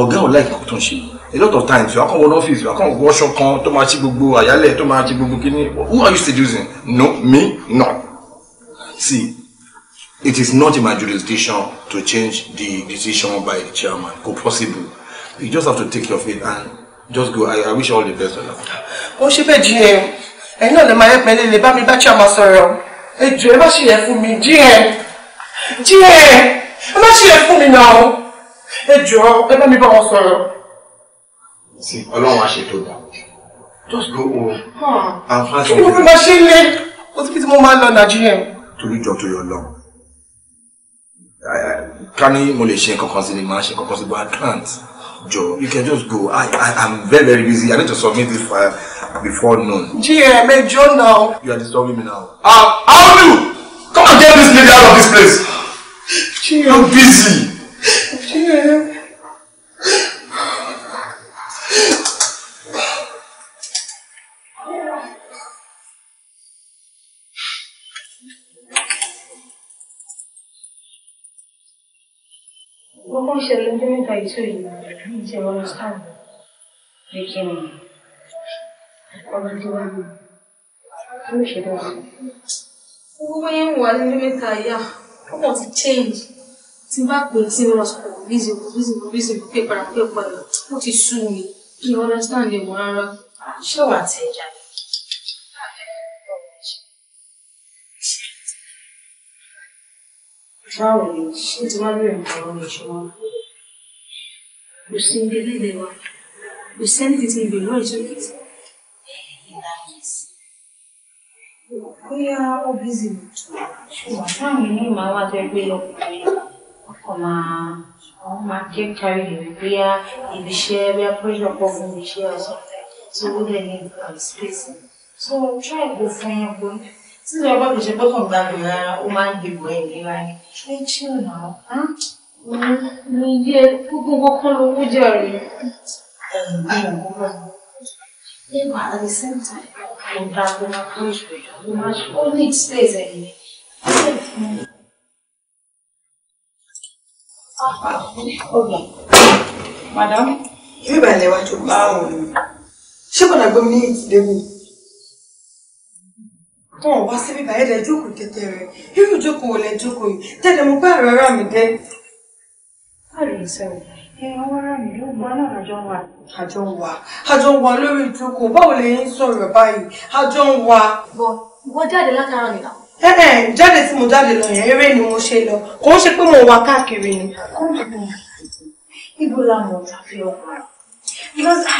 ọ̀gá ò láì nǹkan tó ṣe yìí a lot of times wàá kàn wọ n'ọ́fíìsì wàá kàn wọ wash kan tó máa ṣí gbogbo àyálẹ̀ tó máa gbogbo kíní who are you seducing no me no see it is not in my jurisdiction to change the decision by the chairman ko possible you just have to take your faith and just go i, I wish all the best on that. ó ṣe bẹ́ẹ̀ jíyẹn ẹ̀yin náà lè máa yẹ pẹ̀lẹ́ lè bá mi bá chairman sọ̀rọ̀ ẹ jù ẹ má ṣe yẹ fún mi jíyẹn jíyẹn ẹ má ṣe yẹ fún mi náà ẹ jù ọ ẹ bá mi bá wọn sọ̀rọ̀ sí ọlọ́run àṣẹ tó dà just go home hmm. and fast. kí ló fi máa ṣe é lé o ti fi tí mo máa ń lọ nàìjíríà. torí jọ tó yọ lọ ká ní mo lè ṣe nǹkan kan sí ni màá ṣe nǹkan sí but i can't jọ you can just go i i am very very busy i need to submit this file before noon. gm ejo now. you are disturbing me now. ah uh, how you come and get this lady out of this place. gm i'm busy. gm. me too, you know. You can understand. You can probably do one. You wà ní mímíta ìyá, ọkọ̀ ti change. Tí bá pè tí mo lọ sọ bísí bísí bísí mo pé padà ti sú mi. Mi ò understand ẹ̀ wọ́n rárá. Ṣé wàá tẹ̀ jáde? Báwo ni ṣé tí wọ́n bẹ̀rẹ̀ nǹkan ọ̀rọ̀ ìṣòro? sing Ushinde lelewa. send it in the right of it. Bóyá ó bízì mú. Ṣùgbọ́n táwọn ní màá wá tó gbé ọkùnrin ọkọ̀ máa àwọn máa ké kárí rẹ̀ bóyá ibi iṣẹ́ bóyá pẹ́lú ọ̀pọ̀ fún ibi iṣẹ́ ọ̀sán tí ó lè ní space. So try go fún yẹn gbọ́n. Tí ìjọba kò ṣe gbọ́kàn gbàgbé rárá, ó máa ń dìbò ẹ̀ nílá ni. Ṣé chill now? Huh? mi ìbàlẹ̀ wa jọ báwo ni? Ṣé bọ̀dà gbọ́n ní ìdílé Wọ́n wá síbí báyìí lẹ́jọ́ kò tẹ́tẹ́ rẹ̀. Irú ìjókòó wo lẹ́jọ́ yìí? Tẹ́lẹ̀ mo bá àrọ̀ ara mi dé àjọ ń wa àjọ ń wa lórí ìjókòó báwo lè ń sọ̀rọ̀ báyìí àjọ ń wa. bọ ìwọ jáde látara nìkan. ẹ ẹ jáde tí mo jáde lọ yẹn eré ni mo ṣe lọ kò ń ṣe pé mo wà káàkiri ni. ibo la mọ̀ tàbí ọkọ̀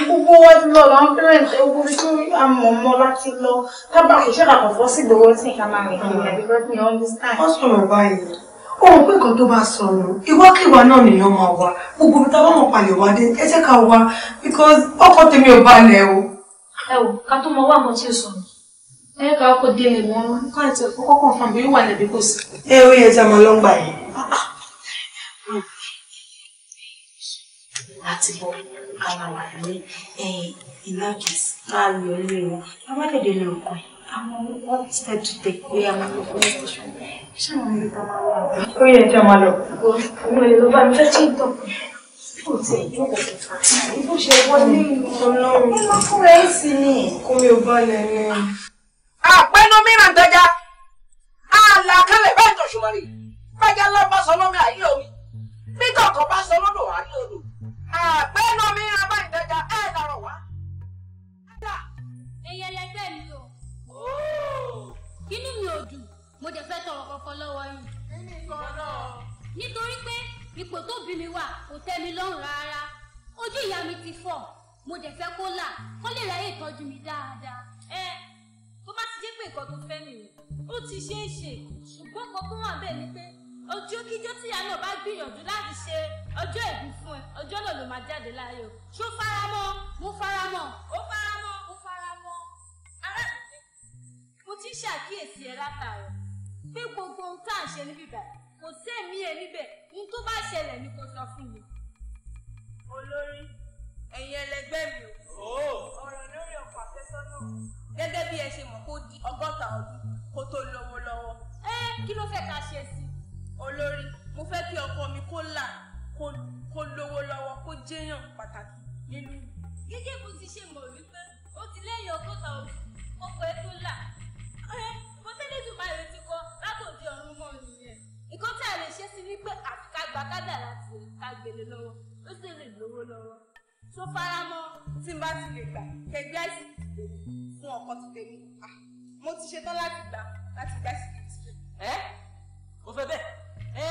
gbogbo wa ti lọ làwọn parents ogun bí tó àmọ̀ mọ́ láti lọ tábà kò ṣe kàkọ́ fọ́ sí gbogbo tí ká máa rìn kiri àbí bá ti yàn ọ́ understand. wọ́n sọ̀rọ̀ báyìí ó mọ̀ pé nǹkan tó bá sọnù ìwákìwà náà nìyẹn máa wà gbogbo ibi tá a bá mọ̀ palẹ̀ wá dé ẹ jẹ́ ká wá because ọkọ tèmi ò balẹ̀ o. ẹ wò ká tó mọ owó àwọn tí ò sọnù ẹ ká ọkọ délé mọ ká ẹ tẹ kókó kan fún mi wà lẹbi kò sí. ẹ ó yẹ jàmọ ló yìí. àti bọ ara wà ní ìnákìsí eh, ká lórí wọn abájáde lè kàn yìí àwọn wọn ti tẹ dùtẹ pé a máa lọ police station ṣé àwọn ibi tá a máa wà bí. ó yẹ kí a máa lọ. òun èlò bá mi ni. kó mi ò balẹ̀ ni. àpẹnu mìíràn dẹjà àlàkalẹ̀ bẹ́ẹ̀ tó ṣùgbọ́n rí bẹ́ẹ̀ jẹ́ lọ́ba sọlọ́mì àyè omi bí tọ̀kọ̀ bá sọ lọ́dọ̀ àyè odò àpẹnu mìíràn bá ẹyẹ ẹlẹgbẹ́ mi o inú mi ò dùn mo dẹ̀ fẹ́ tọrọ kankan lọ́wọ́ yín. kíni kan náà. nítorí pé ipò tó bí mi wà kò tẹ́ mi lọ́rùn rárá ojú ìyá mi ti fọ́ mo dẹ̀ fẹ́ kó là kó lè ráyè tọ́jú mi dáadáa. ẹ tó bá ti jẹ́ pé nǹkan tó fẹ́ nìyẹn ó ti ṣeé ṣe ṣùgbọ́n kan tó wà bẹ́ẹ̀ ni pé ọjọ́ kíjọ́ tí ìyá náà bá gbìyànjú láti ṣe ọjọ́ ẹ̀bùn fún ẹ ọjọ́ náà ló máa jáde láyọ̀ ṣó faramọ́ mo faramọ́ ó faramọ́ mo ti ṣàkíyèsí ẹ látàárọ̀ pé gbogbo ohun tá à ń ṣe níbí báyìí kò sẹ́mi ẹ níbẹ̀ ohun tó bá ṣẹlẹ̀ ni kò sọ fún mi. olórí ẹ̀yin ẹlẹgbẹ́ mi o oh. ọ̀rọ̀ lórí ọkọ̀ àfẹ́sọ́nà gẹ́gẹ́ bí ẹ ṣe mọ̀ kó di ọgọ́ta ọdún kó tó lówó lọ́wọ́. ẹ kí ló fẹ́ ká ṣe sí i. olórí mo fẹ́ kí ọkọ mi kó là kó lówó lọ́wọ́ kó jẹ́yàn pàtàkì nínú. gẹ́gẹ́ bó ti ṣe mọ̀ wípé ó ti lẹ́yìn ọgọ́ta ọdún ọkọ̀ ẹ tó là kò sẹ́ni tún máa retí kọ látòdì ọ̀run mọ́ nìyẹn nǹkan tí a lè ṣe sí wípé àfi ká gba ká dà láti ká gbélé lọ́wọ́ ó sì lè lówó lọ́wọ́ tó fara mọ́ tí n bá ti lè gbà kẹgbẹ́ àìsàn fún ọkọ ti tèmi ah, mo ti ṣetán láti gbà láti gbà sí kìtì. ẹ mo fẹ́ bẹ́ẹ̀ ẹ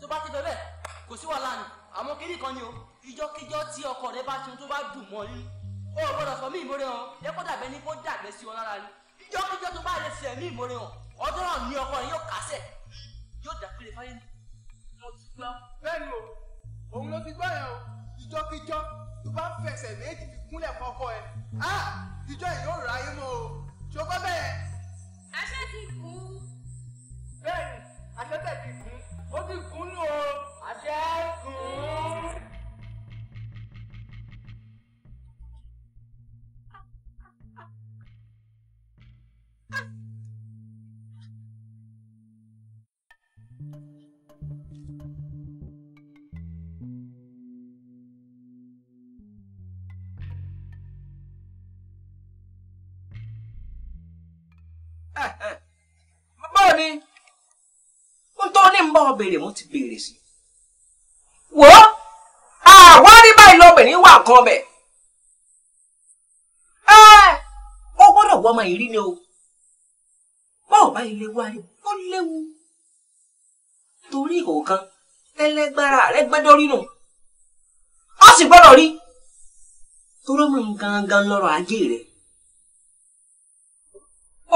tó bá ti fẹ́ bẹ́ẹ̀ kò sí wàhálà ni àmọ́ kínní kan ni o ìjọ́kíjọ́ tí ọkọ rẹ bá tún tó bá dùn mọ́ yín o gbọ́dọ̀ sọ mí ìmúre hàn yẹ kó dàbẹ ní kó dàgbẹ sí ọ lára ni jọ́kíjọ́ tó bá lè fi ẹ̀mí ìmoore hàn ọdún náà ní ọkọ rẹ̀ yóò kásẹ̀ yóò dàpẹ́lẹ̀ fáyé mi. mo ti gbọ́. bẹ́ẹ̀ni o òun ló ti gbọ́ yẹn o ìjọ́kíjọ́ tó bá fẹsẹ̀ méjì fi kúnlẹ̀ fọ́kọ ẹ̀ á ìjọ yìí yóò ráyé mọ́ o ṣokọ́ bẹ́ẹ̀. aṣẹ́ ti kún. bẹ́ẹ̀ni aṣẹ́ tẹ̀ ti kún ó ti kún nù o aṣẹ́ kún. báwo ni mo ti béèrè sí wò ó àwọn rí báyìí lọ́bìnrin wà kan bẹ̀ ẹ ó gbọ́dọ̀ wọ́n ọmọ ni o. ọ̀bá ilé wa rí ó léwu torí ìhò kan tẹ́lẹ́gbára rẹ gbẹ́dọ́ rírun ó sì gbọ́dọ̀ rí torọ́ mọ̀ gangan lọ́rọ̀ ajé rẹ̀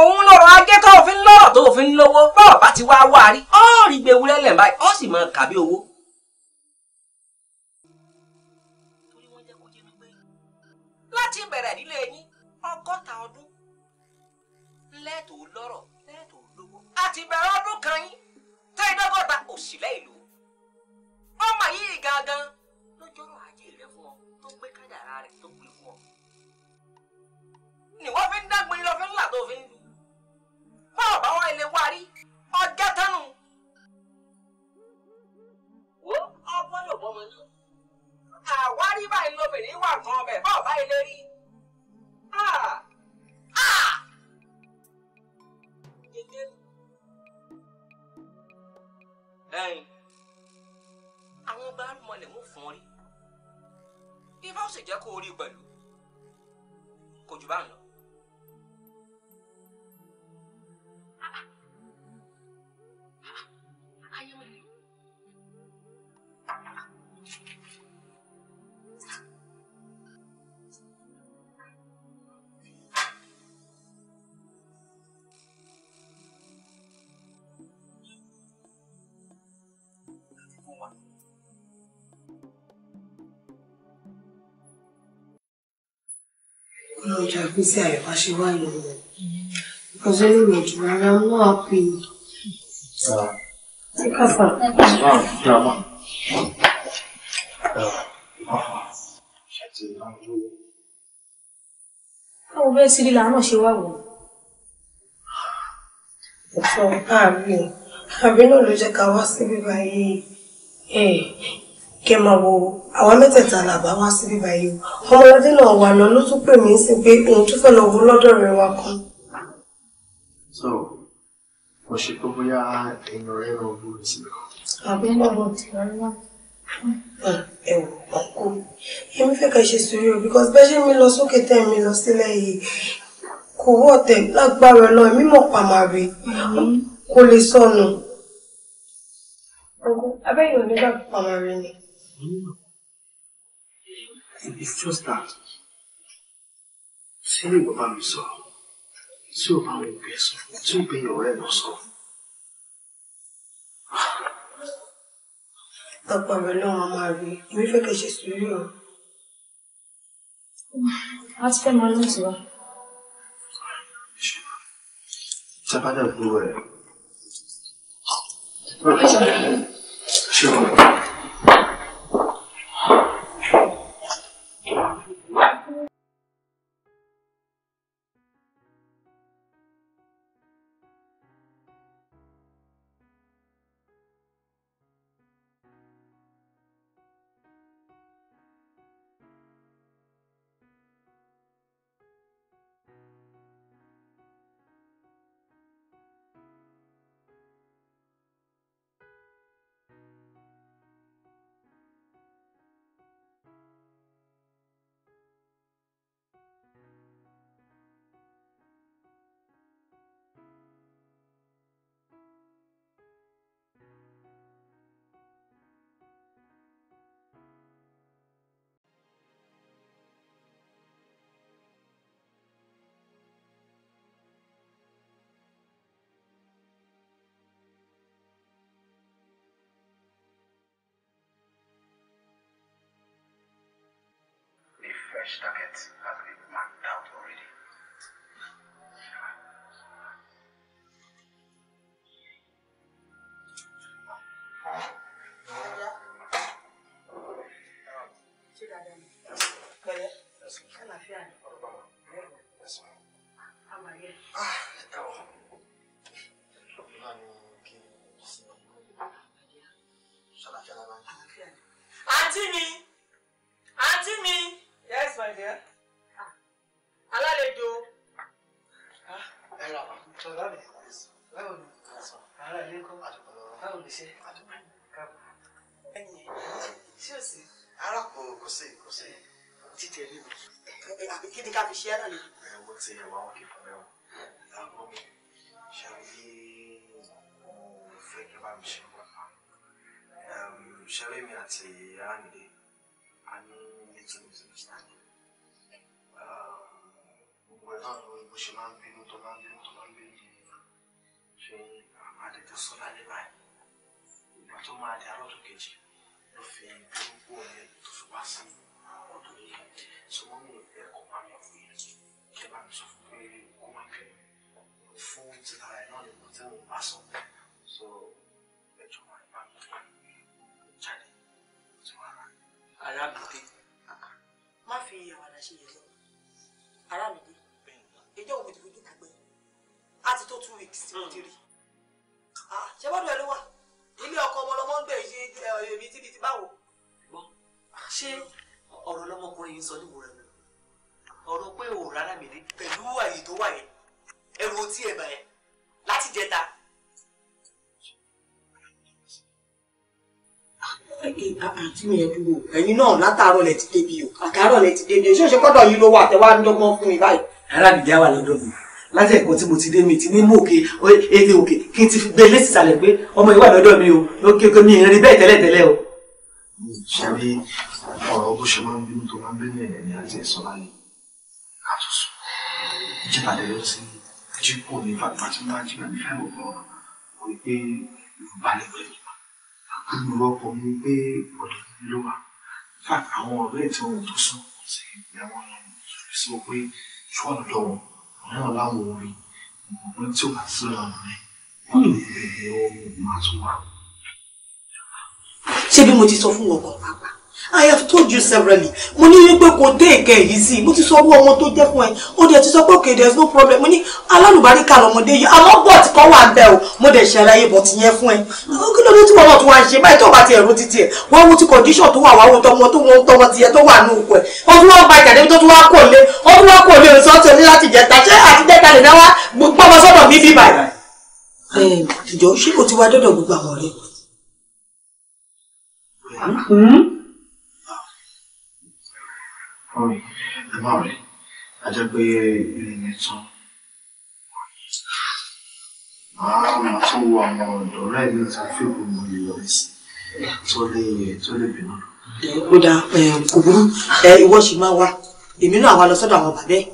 òun lọ́rọ̀ ajé tó fi ń lọ́rọ̀ tó fi ń lówó bọ́ọ̀ bá ti wá wá rí ó rí gbẹ̀wú lẹ́lẹ̀ báyìí ó sì máa kà owó. láti bẹ̀rẹ̀ nílé yín ọgọ́ta ọdún lẹ́tọ̀ọ́ lọ́rọ̀ àti ìbẹ̀rẹ̀ ọdún kan yín tẹ́ẹ̀dọ́gọ́ta òṣìlẹ̀ ìlú ọmọ yìí gangan lójọ́rọ̀ ajé rẹ fún ọ tó gbé kádàrá rẹ tó gbé fún ọ. ni wọ́n fi ń dágbin lọ fi ń tó fi ń lu bá ọ̀bá wa ilé wa rí ọjọ́ tánu. wo ọgbọ́dọ̀ bọ́mọ náà àwárí báyìí lóbìnrin wà fún ọbẹ̀ bá ọ̀bá ilé rí. Ah! ẹ̀hìn àwọn ọba arúmọlẹ̀ mú fún ọ rí ifá ó sì jẹ́ kó o rí pẹ̀lú kò jù bá ń lọ. ọjà gbèsè àyọ̀bá ṣe wá lọ́wọ́ because ó lè jù rárá mú àpè Káwọn bẹ́ẹ̀ sí lílà náà ṣe wá wò. Ẹ̀fọ́ ààrẹ ààrẹ náà ló jẹ́ ká wá síbí báyìí. Ẹ kẹ́ máa wo àwa mẹ́tẹ̀ẹ̀ta làbá wá síbí báyìí o ọmọlọ́dé náà wà náà ló tún pè mí sí pé òun tún fẹ́ lọ wo lọ́dọ̀ rẹ̀ wa kan. so mo ṣe pé bóyá èèyàn rẹ ràn owó rẹ sí. àbí lọ́wọ́ ti rẹ̀ wá. ẹ wò ọkọ èmi fẹ́ ká ṣe sórí o because bẹ́ẹ̀ ṣe mi lọ sókè tẹ̀ mi lọ sílẹ̀ yìí kò wọ́ ọ̀tẹ̀ lágbára ẹ̀ náà mímọ̀ pàmàrè kò lè sọnù. ọkọ abẹ́yìn ò ní bá ni. Mm-hmm. And it's just that tí ní bàbá mi sọ tí ò bá mi bẹ sọ tí ò bẹ ọ̀rẹ́ lọ sọ. Àpàrọ̀ lọ́wọ́ máa rí èmi fẹ́ kẹ́ ṣe sùúrù o. A ti fẹ́ máa lọ́tì wá. fresh target has been marked out already. Àǹtí mi. ká fi ṣe náà ni. ẹ̀wọ̀n ti ẹ̀wà wọn kì í fún mi ṣàlàyé mo fẹ́ kí bá mi ṣe ń pàpà ṣẹlẹ̀ mi àti aráàlú a ní little misunderstanding gbogbo ẹ̀ náà ni bó ṣe máa ń bínú tó máa ń bínú tó máa ń bínú ṣe àdètè sọ́lá ní báyìí ìgbà tó máa di arọ́tò kejì ló fi gbogbo ẹ̀ tó fi wá sí ọdún yìí sọmọ́mù ẹ̀ kọ́ máa mi kí bá mi sọ fún pé kó má fi fún títara ẹ̀ náà nìkan tí mo bá sọ so ẹjọ́ máa bá mi jáde tí wọ́n rà. arábìdé má fi àwàdà ṣe yẹn lọ arábìdé ìjọ òun ti fojú kàgbẹ́ á ti tó two weeks tí mo ti rí ṣé bọ́dọ̀ ẹ ló wà ilé ọkọ ọmọ lọmọ ń gbé èyí èmi tí bíi ti báwo. ṣé ọ̀rọ̀ lọmọkùnrin yìí sọ níwò àti mi yẹn dúró ẹ̀yin náà látàárọ̀ lẹ ti débi o àtàárọ̀ lẹ ti débi o ṣé o ṣe kọ́dọ̀ yìí ló wà tẹ́ wá ń dọ́gbọ́n fún mi báyìí. arábìdí àwà lọ́dọ̀ mi láti ẹ̀kọ́ tí mo ti dé mi ti ní mú òkè ètè òkè kí n ti fi gbé létí pé ọmọ ìwà lọ́dọ̀ mi o lókè kí mi rí bẹ́ẹ̀ tẹ́lẹ̀ tẹ́lẹ̀ o. ṣàbí ọ̀rọ̀ bó ṣe máa ń bínú tó máa ń bínú ní àti ní àmọ́ mi pé ọ̀dọ̀ mi ló wà fat àwọn ọ̀rẹ́ tí wọn tó sùn kò sí ìyàwó ọ̀nà ìṣòro sí wọn pé ṣọ́ ọ̀dọ̀ wọn náà láwọn orí ọmọ tí ó bá sí ọ̀nà rẹ̀ wọ́n lè bẹ̀rẹ̀ ohun máa tún ṣé bí mo ti sọ fún wọn kan I have told you severally. Mo ní wípé kò dé ìkẹ́ yìí sí. Mo ti sọ owó ọmọ tó jẹ́ fún ẹ. Ó dẹ̀ ti sọ pé okay there is no problem. Mo ní alálùbáríkà lọ́mọdé yìí. Àmọ́ bọ̀ tí kan wà bẹ́ẹ̀ o. Mo dẹ̀ ṣàlàyé bọ̀ ti yẹn fún ẹ. Kí ló dé tí wọ́n náà tún wá ṣe báyìí tó bá ti ẹ̀rọ títí ẹ̀? Wọ́n wo ti condition tó wà wá wo tọmọ tó wọn tọmọ ti yẹ tó wà ní òkú ẹ̀. Ó tún wá ba ìjàdé tó tún wá kò lé. Ó tún wá kò lé òsán tó ní láti jẹ tàṣẹ àti jẹ́ta lè náwá gbọ́mọ sọ́dọ̀ bíbí báyìí. Ìjọ ṣé o ti wá dọ́dọ̀ gbogbo àwọn ọ̀rẹ́? Hmm? Mami, ẹ má rẹ̀, a jẹ́ pé ìrìn mi tán. Màá máa tún wo àwọn ọ̀dọ́ rẹ̀ ní ìtàfẹ́ gbogbo ìyọrí sí tó lè tó lè bínú. Ó da kò burú ìwọ ṣì máa wá èmi náà wá lọ sọ́dọ̀ àwọn bàbá ẹ̀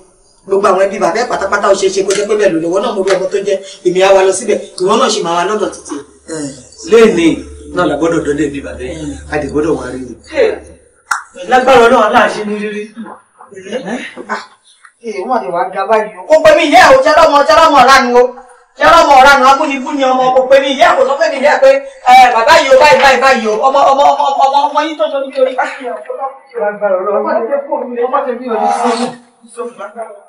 gbogbo àwọn ẹbí bàbá ẹ̀ pátápátá ó ṣeé ṣe kó jẹ́ pé bẹ́ẹ̀ lò lọ́wọ́ náà mo rí ọmọ tó jẹ́ èmi á wá lọ síbẹ̀ ìwọ náà ṣì máa wá lọ́dọ̀ títí. Léèní náà la gbọ́dọ̀ dọ́lé ẹbí bàbá ẹ̀ a dì gbọ́dọ̀ wá rí ni lágbára ọlọ́run aláàṣẹ ní rírí. èyí wọn ni ga báyìí o. kò mi ìyá ẹ̀ jẹ́lọ́mọ jẹ́lọ́mọ ọ̀la ni o jẹ́lọ́mọ ọ̀la ni abúnibúni ọmọ kò mi ìyá kò sọ pé mi ìyá pé bàbá yìí o báyìí báyìí báyìí o ọmọ ọmọ ọmọ ọmọ yín tó jọ níbi orí. lágbára ọlọ́run ọmọ tẹ̀ mí ò ní sọ́ọ̀mù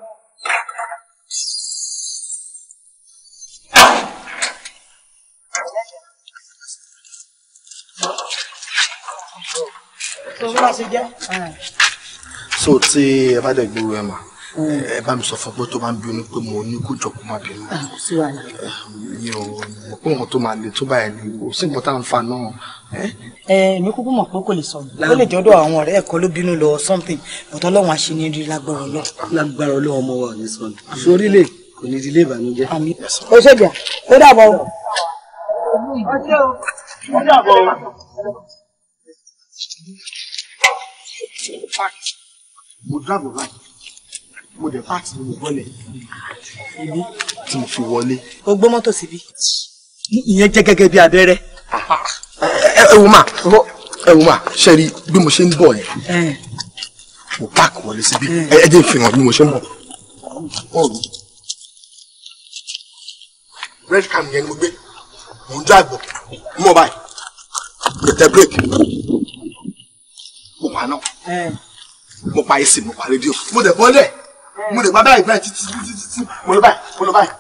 so tí ẹ bá dẹ̀ gbúrú ẹ mà ẹ bá mi sọ fún pé tó bá ń bínú pé mo ní kó jọ kó má bínú. Ah, mi ò mọ̀ pé nǹkan tó máa le tó báyìí ni kò sí nǹkan tá à ń fa náà. èmi kúkú mọ̀ pé kò lè sọ ó lè jọ́dọ̀ àwọn ọ̀rẹ́ ẹ̀kọ́ ló bínú lọ something bọ̀tọ́ lọ́wọ́n aṣínirí lágbára ọlọ́run. lágbára ọlọ́run ọmọ wa ò ní sọ sórí kò ní di ilé ìbànújẹ́. ó ṣègbà ó dàbọ̀ o. ó dàbọ̀ o. mo dáàbò báyìí mo dẹ̀ páàkì ni mo bọ́lẹ̀ ibi tí mo fi wọlé. o gbọ́ mọ́tò síbi. ìyẹn jẹ́ gẹ́gẹ́ bí abẹ́rẹ́. ẹ wò má ẹ wò má ṣe rí bí mo ṣe ń bọ̀ yẹn mo páàkì wọlé síbi ẹ jẹ́ ìfihàn bí mo ṣe ń bọ̀. red cam yẹn ni mo gbé mo ń dàgbọ̀ mọ̀ báyìí mo tẹ mo pa náà mo pa ac mo pa rédíò mo dẹ̀ bọ́lẹ̀ mo dẹ̀ gba báyìí báyìí títí títí títí mo lọ báyìí mo lọ báyìí.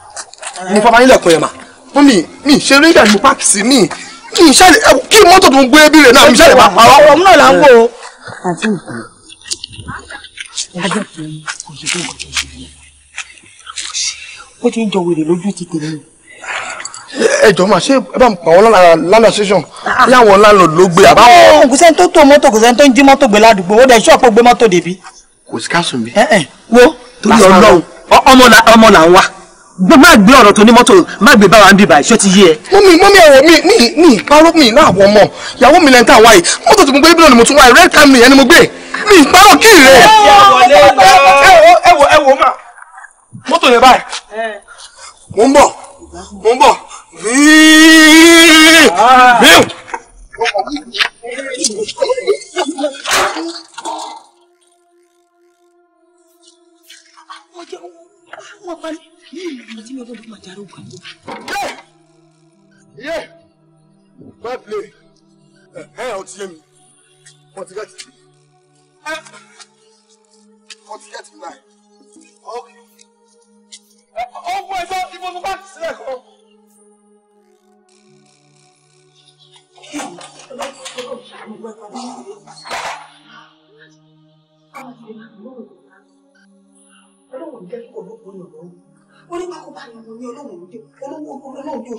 mo fọwọ́ ayé lẹ́kọ̀ọ́ yẹn mà mo mi mi ṣe rí ìdààmú páàkì sí mi kí n ṣàlẹ̀ kí mọ́tò tó ń gbé bí rẹ̀ náà mi ṣàlẹ̀ bá pa ọ́. ọ̀rọ̀ náà là ń wò ó. ó ti ń jọ wèrè lójú ti tèmi ẹ jọ máa ṣe ẹ bá ń pa wọn lára lánàá ṣẹṣọ bóyá àwọn ló gbé àbáwọn. ó kò sẹ́ni tó tó mọ́tò kò sẹ́ni tó ń jí mọ́tò gbé ládùúgbò ó dẹ̀ ṣọ́ọ̀pù gbé mọ́tò débi. kò sí káṣù mi. wo torí Ọlọ́run ọmọ là ń wá má gbé ọ̀rọ̀ tó ní mọ́tò má gbé bá wa ń bíbá ìṣó ti yé ẹ. mọ́mí mọ́mí ẹ̀wọ̀ mi ní ní ìparọ́ mi náà wọ́n mọ̀ ìyàwó mi lẹ́ńtà wáyé mọ́tò tí mo gbé bílọ̀ ni mo tún wáyé red cam nìyẹn ni mo gbé ní ìparọ́ kí rẹ̀. ẹ̀wọ̀ ẹ̀wọ̀ mà mọ́tò yẹn báyìí mo ń bọ̀ mo ń bọ̀ Meu! Yeah! Bad play. Eh, eh, ó ti yé mi.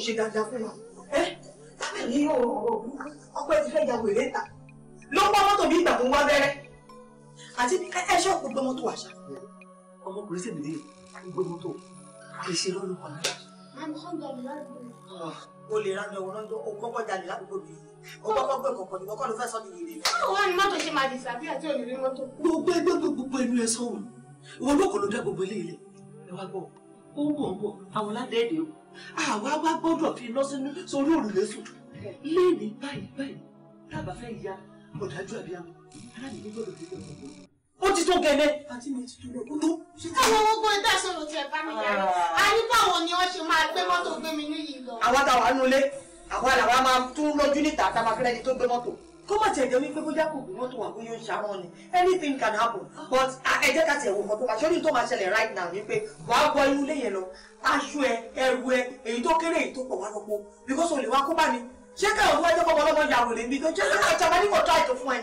ṣe dáadáa fún wa ẹ tábìlì ọkọ ẹ ti fẹ́ ya wèrè ta ló ń bá mọ́tò bí ìgbà tó ń wá bẹ́rẹ́ àti ẹ ṣe ọ̀pọ̀ gbé mọ́tò àṣà. ọmọkùnrin sì nìyí gbé mọ́tò kì í ṣe lọ́dún kan náà. Ah, o lè ránú ẹwọ lọ́jọ́ o kọ́kọ́ jalè lákòókò mi o kọ́kọ́ gbé kọ̀ọ̀kan ni kọ́kọ́ ló fẹ́ sọ ní ìrìn. báwo ni mọ́tò ṣe máa dìsàbí àti òní ní mọ́tò. gbogbo ẹgbẹ́ gbogbo ẹnu ẹ sọ̀rọ̀ ìwọ lóko ló dá gbogbo eléyìí lẹ̀ ẹ wá gbọ́ ó ń bọ̀ ń bọ̀ àwọn ládẹ́ẹ̀dẹ́ o àwa wá gbọ́dọ̀ fi iná sínú sórí òrùlé sùn léèlì báyìí báyìí tábà fẹ́ ya ọ̀dájú àbíyáwó aláàbí ní gbọ́dọ̀ fi iná sọ̀rọ̀. ó ti tó gẹ́lẹ́. àti mi ti tó lọ kótó. àwọn gbogbo ẹgbẹ́ sọ̀rọ̀ tiẹ̀ bá mi yára ah. a báwo ni wọ́n ṣe máa gbé mọ́tò gbé mi níyì lọ. àwa táwa nulẹ̀ àwa làwa máa tún lójú níta táwa fẹ́rẹ́ ni tó kó má tiẹ̀ jẹ́ wípé bóyá kò gbọ́n tó wà bóyá ó ṣàwọn ni anything can happen but ẹ jẹ́ ká tiẹ̀ wò kan tó wà sórí tó máa ṣẹlẹ̀ right now ni pé wàá wọ inú ilé yẹn lọ aṣọ ẹ ẹrù ẹ èyí tó kéré èyí tó pọ̀ wá lọ́pọ̀ because olè wa kó bá ní ṣé ká òun ẹjọ́ kọ́kọ́ lọ́mọ yàwó lè mí gan jẹ́ ká àjàmbá ní kọ̀tọ́ àìtó fún ẹ.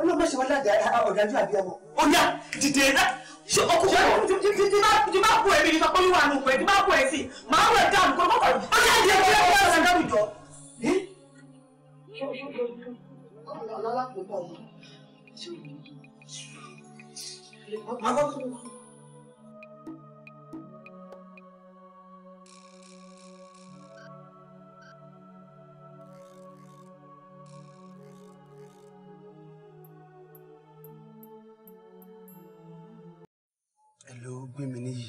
olóògbé ṣe wá ládàá ọ̀dájú àbí ọmọ. ó yá dìde ṣe ọkọ wọn ti ti bá kú ẹbí ni sọ pé wíwà nù pé ti bá kú ẹ sí màá wẹ̀ dáàbò kó kọ́kọ́ ó yá ìdí ẹgbẹ́ ọ̀dọ́ ọ̀dọ́ ìjọ. Hello, Bimini.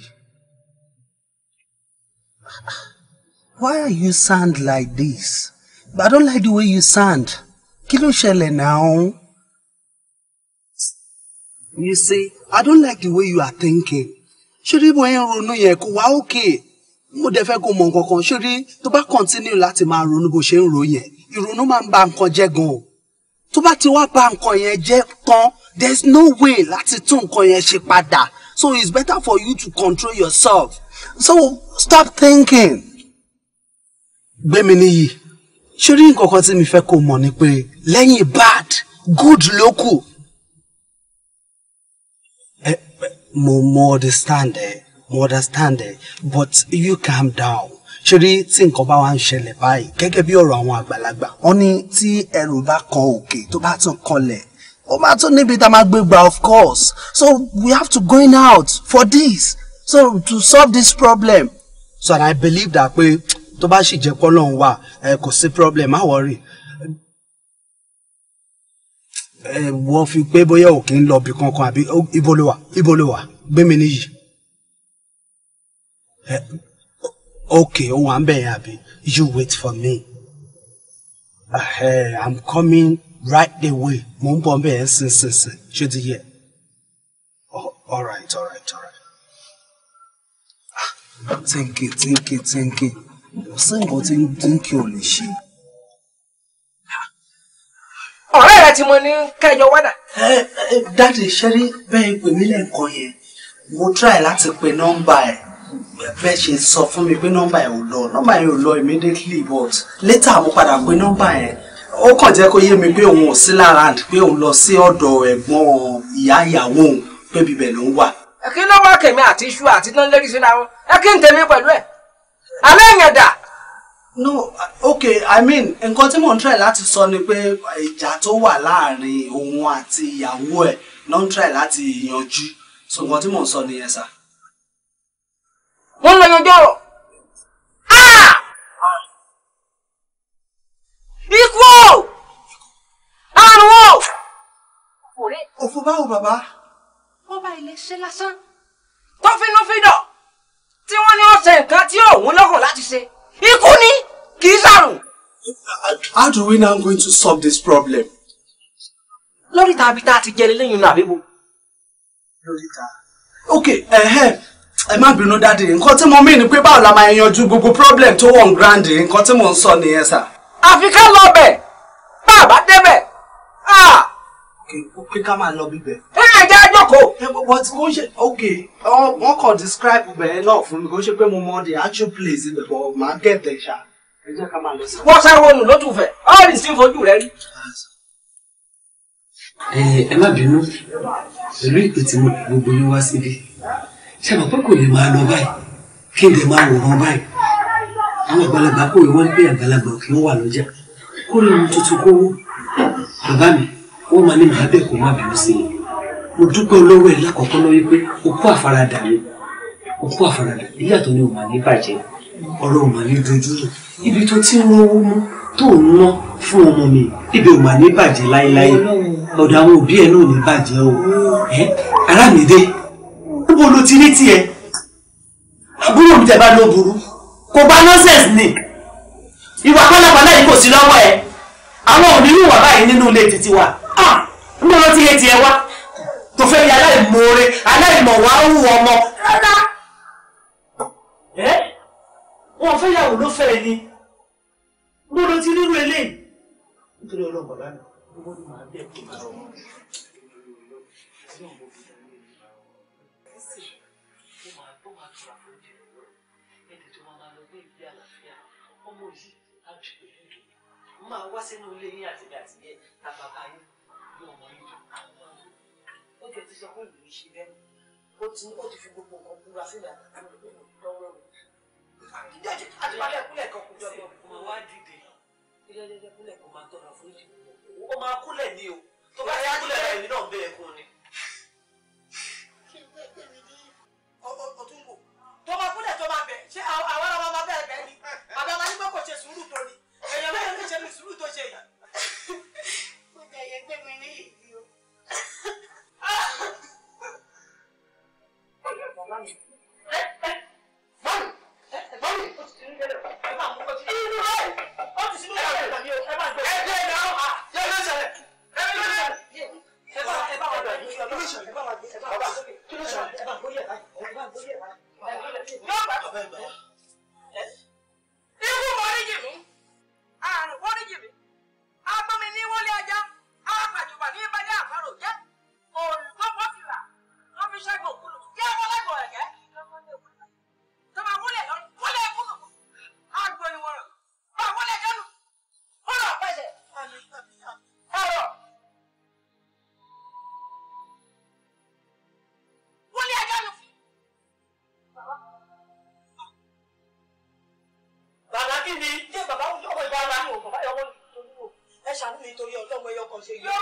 Why are you sound like this? I don't like the way you sound. Kilo ló now? You see, I don't like the way you are thinking. Ṣorí mo ń ronú yẹn kó wá òkè. Mo dẹ̀ fẹ́ kó mọ nǹkan kan. Ṣorí tó continue láti máa ronú bó ṣe ń ro yẹn. Ìrònú máa ń ba nǹkan jẹ́ gan-an. Tó bá ti wá ba nǹkan yẹn jẹ́ tán, there's no way láti tún nǹkan yẹn ṣe padà. So it's better for you to control yourself. So stop thinking. Gbémi níyì ṣorí nǹkan kan tí mi fẹ́ kó mọ̀ ni pé lẹ́yìn bad good ló kù. Eh, mo mo understand ẹ mo understand ẹ but you calm down ṣorí tí nǹkan bá wà ń ṣẹlẹ̀ báyìí gẹ́gẹ́ bí ọ̀rọ̀ àwọn àgbàlagbà wọ́n ní tí ẹrù bá kan òkè tó bá tún kanlẹ̀ ó máa tún níbi tá a máa gbé gbà of course so we have to going out for this so to solve this problem. so and I believe that pé. Eh, tó bá sì jẹ́ pọ́lọ́hún wà kò sí problem má wọ́rì wọ́n fi pé bóyá òkè ń lọ ibì kankan àbí ibo ló wà ibo ló gbé mi níyì okay ó wà ń bẹ̀ yẹn àbí you wait for me uh, I'm coming right away mo ń bọ̀ ń bẹ̀ yẹn sínsìnsìn ṣé ti yẹ all right all right all right thank you thank you thank you kò sí nǹkan tí ń dín kí o lè ṣe. ọ̀rẹ́ rẹ tí mo ní kẹjọ wádà. dáàdi ṣẹ́rí bẹ́ẹ̀ pè mí lẹ́ẹ̀kan yẹn mo try láti pe nọ́mbà ẹ̀ bẹ́ẹ̀ ṣe sọ fún mi pé nọ́mbà ẹ̀ ò lọ nọ́mbà ẹ̀ ò lọ immediately but later mo padà pe nọ́mbà ẹ̀ ó kàn jẹ́ kó yé mi pé òun ò sí lára pé òun lọ sí ọ̀dọ̀ ẹ̀gbọ́n ìyá ìyàwó òun pé bíbẹ̀ ló ń wà. kí ló wá kèmí àti iṣu àti tán lérí sínú àwọn ẹ kí n tèmi pẹ̀lú ẹ̀ alẹ́ no ok i mean nǹkan tí mò ń try láti sọ ni pé ìjà tó wà láàrin òun àti ìyàwó ẹ̀ ló ń try láti yanjú so nǹkan tí mò ń sọ nìyẹn sà. wọ́n lọ yanjú ọ̀rọ̀. Ah! ikú o àrùn o. òfò báwo bàbá. wọ́n bá ilé ṣe lásán tó finú fídọ̀ tí wọ́n ní ọ̀sẹ̀ nǹkan tí òun lọ́kàn láti ṣe ikú ni kì í sàrùn. How do we now going to solve this problem? lórí tàbí tá a ti jẹ lélẹ́yìn náà àbíbo. lórí ta. ok ẹ má bínú dáàdi nǹkan tí mo mí ni pé báwo la máa yanjú gbogbo problem tó wọ̀n grand nǹkan tí mò ń sọ nìyẹn sà. àfi ká lọ bẹ̀ bá a bá débẹ̀. Ah! ok ó pé ká máa lọ bíbẹ̀ jókòó. Eh, but kò ṣe okay wọn kàn describe bẹ̀rẹ̀ náà fún mi kò ṣe pé mo mọ the actual place ibẹ̀ bọ̀ máa gẹ̀tẹ̀ ṣá. ẹ jẹ́ ká máa lọ sí. wọ́n sáré wọnú lójú fẹ̀ ọ́ rìn sí fojú rẹ rí. ẹ má bínú pẹ̀lú ìpè tí mo gbogbo yín wá síbí ṣàmọ̀ pé kò lè máa lọ báyìí kí n lè máa wòran báyìí àwọn àgbàlagbà kò wọ́n gbé àgbàlagbà kí wọ́n wà lọ́jà kó lè mú tuntun kówó bàbá mi wọ́n máa ní màá bẹ̀ kó má bínú sí i mo dúpẹ́ olówó ẹ̀ lákọ̀ọ́kọ́ lọ wípé o kú àfaradà mi o kú àfaradà ilé àtọ́ ni o mà ní bàjẹ́ ọ̀rọ̀ o mà ní dojúrò ibi tó ti ń rówó mú tó ń ná fún ọmọ mi ibi o mà ní bàjẹ́ láéláé ọ̀dọ̀ àwọn òbí ẹ̀ náà ní bàjẹ́ o ẹ́ Àràmídé níbo ló ti ní tiẹ̀ àbúrò mi tẹ̀ ló burú kò bá nọ́sẹ̀sì ni ìwà pálapàla yìí kò sí lọ́wọ́ ẹ̀ àwọn òní ìwà báyìí nínú ilé títí wa ah níbo ló ti yé wá tó fẹ́ di aláìmoore aláìmọ̀wáhù ọmọ rárá ẹ́ wọn fẹ́ yàwó ló fẹ́ ni mo lọ ti rírú eléyìí nítorí ọlọ́run bàbá mi gbogbo ni màá bẹ̀ kí n bá ọmọ. ọmọ yìí á jù pé máa wá sínú ilé yín àtìgbà àtìgbẹ àbàbà yín ojú ti sọ fún ìlú ṣe bẹ́ẹ̀ ó ti ó ti fi gbogbo nǹkan búra sílẹ̀ àtàkùn lọ́wọ́ mi. àdìjẹ́ àdìbálẹ̀ kúlẹ̀ kan kò jọ lọ. mà kúlẹ̀ kan máa tọrọ àforíjì. ó máa kúlẹ̀ ní o. Yeah.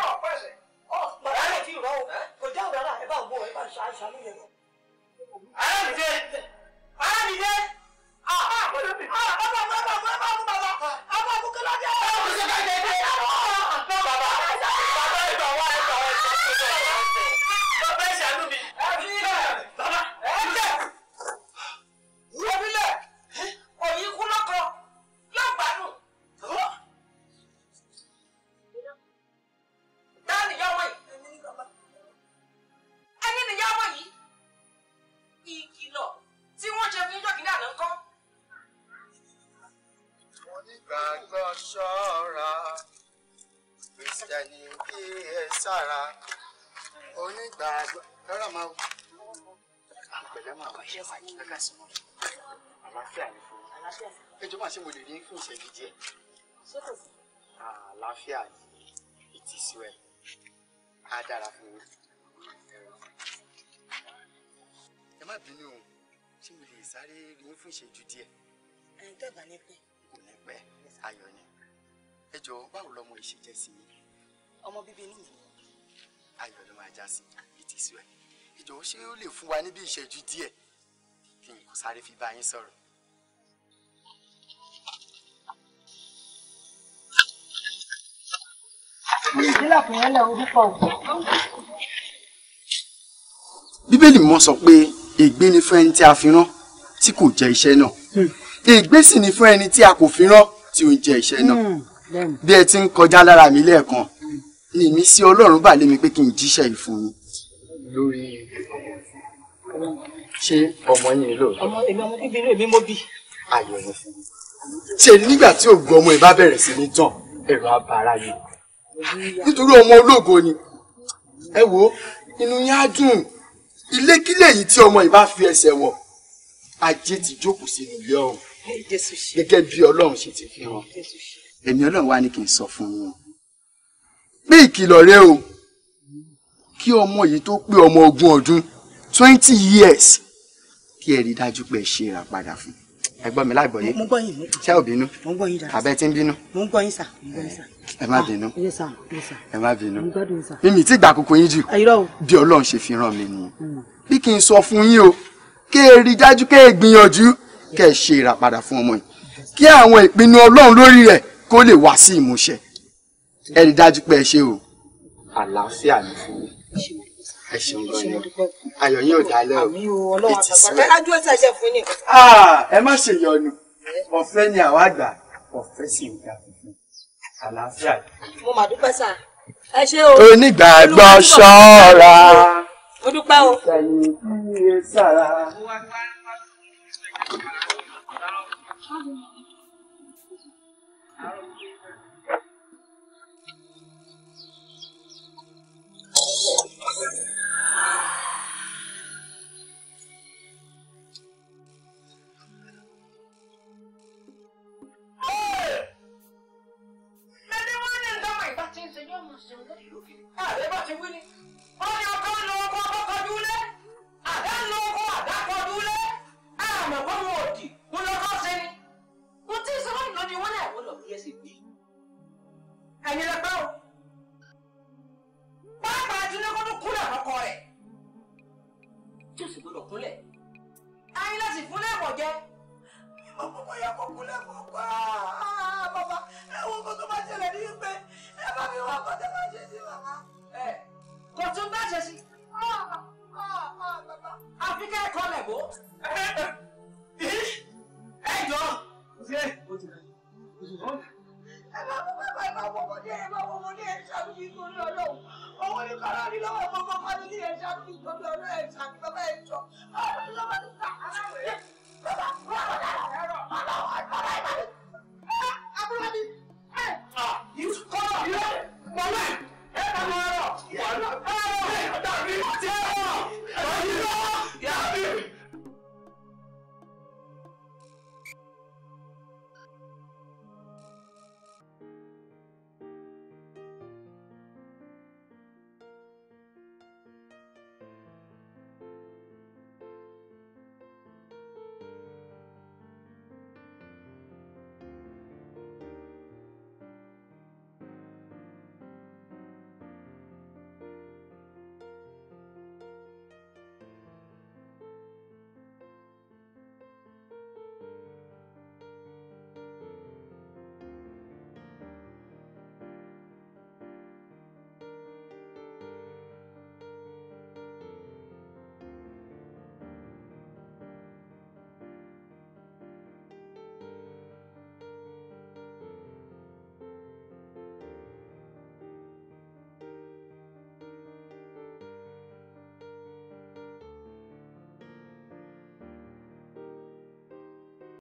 máa dára fún yín. ẹ má bínú o ṣé mo lè sáré rí yín fún ìṣẹ́jú díẹ̀. ẹni dábàá ní pẹ́. kò ní pẹ́ ayọ̀ ni ẹ jọ̀ọ́ báwo lọmọ yìí ṣe jẹ́ sí yín. ọmọ bíbí inú mi. ayọ̀ ló máa já sí ìtìsú ẹ̀ ẹ jọ̀ọ́ ṣé ó lè fún wa ní bí ìṣẹ́jú díẹ̀ kí n kò sáré fi bá yín sọ̀rọ̀. ìdílàkùn bíbélì mọ sọ pé ègbé ni fún ẹni tí a fi rán tí kò jẹ iṣẹ́ náà ègbé sì ni fún ẹni tí a kò fi rán tí ò ń jẹ iṣẹ́ náà hmm, bí ẹ ti ń kọjá lára mi lẹ́ẹ̀kan ni mi sí ọlọ́run bà lé mi pé kí n jíṣẹ́ yìí fún yín. lórí ṣé ọmọ yín lò. ọmọ èmi ọmọ bíbí èmi mo bí. ayọ̀ ni ṣe nígbà tí òògùn ọmọ ẹ bá bẹ̀rẹ̀ sí ní tàn ẹ̀rọ abàrá yìí nítorí ọmọ ológo ni ẹ wo inú yín á dùn ilékílé yìí tí ọmọ yìí bá fi ẹsẹ̀ wọ̀ ajé ti jókòó sínú ilé ọ̀hún gẹ́gẹ́ bí ọlọ́run ṣe ti fi hàn ẹ̀mí ọlọ́run wá ní kí n sọ fún wọn pé ìkìlọ̀ rẹ o kí ọmọ yìí tó pé ọmọ ogún ọdún twenty years kí ẹ rí dájú pé ẹ ṣe ìràpadà fún un ẹ gbọ́ mi láìbọ̀ yìí ṣé ò bínú àbẹ́ tí ń bínú ẹ má bínú ah, ẹ má bínú mímì tí ìgbà àkókò yín jù ah, bí ọlọ́run ṣe fi ràn mí nìyẹn hmm. bí kì í sọ fún yín o kí ẹ rí dájú kí ẹ gbìyànjú kí ẹ ṣe ìràpadà fún ọmọ yìí kí àwọn ìpinnu ọlọ́run lórí rẹ̀ kó lè wá sí ìmúṣẹ ẹ rí dájú pé ẹ ṣe o àlàáfíà ni fún mi ẹ ṣeun gan ni ayọ̀ yín ò dálẹ́ o ètì sílẹ̀ ah, ẹ má ṣe yọnu ọ̀fẹ́ ni àwa gbà ọ̀fẹ́ sì ń ga fífún àlàáfíà. mo mà dúpẹ́ sà ẹ ṣé o. onígbàgbọ́ ṣọ́ra. mo dúpẹ́ o. ìṣẹ̀yìn kí ẹ sára. Thank you.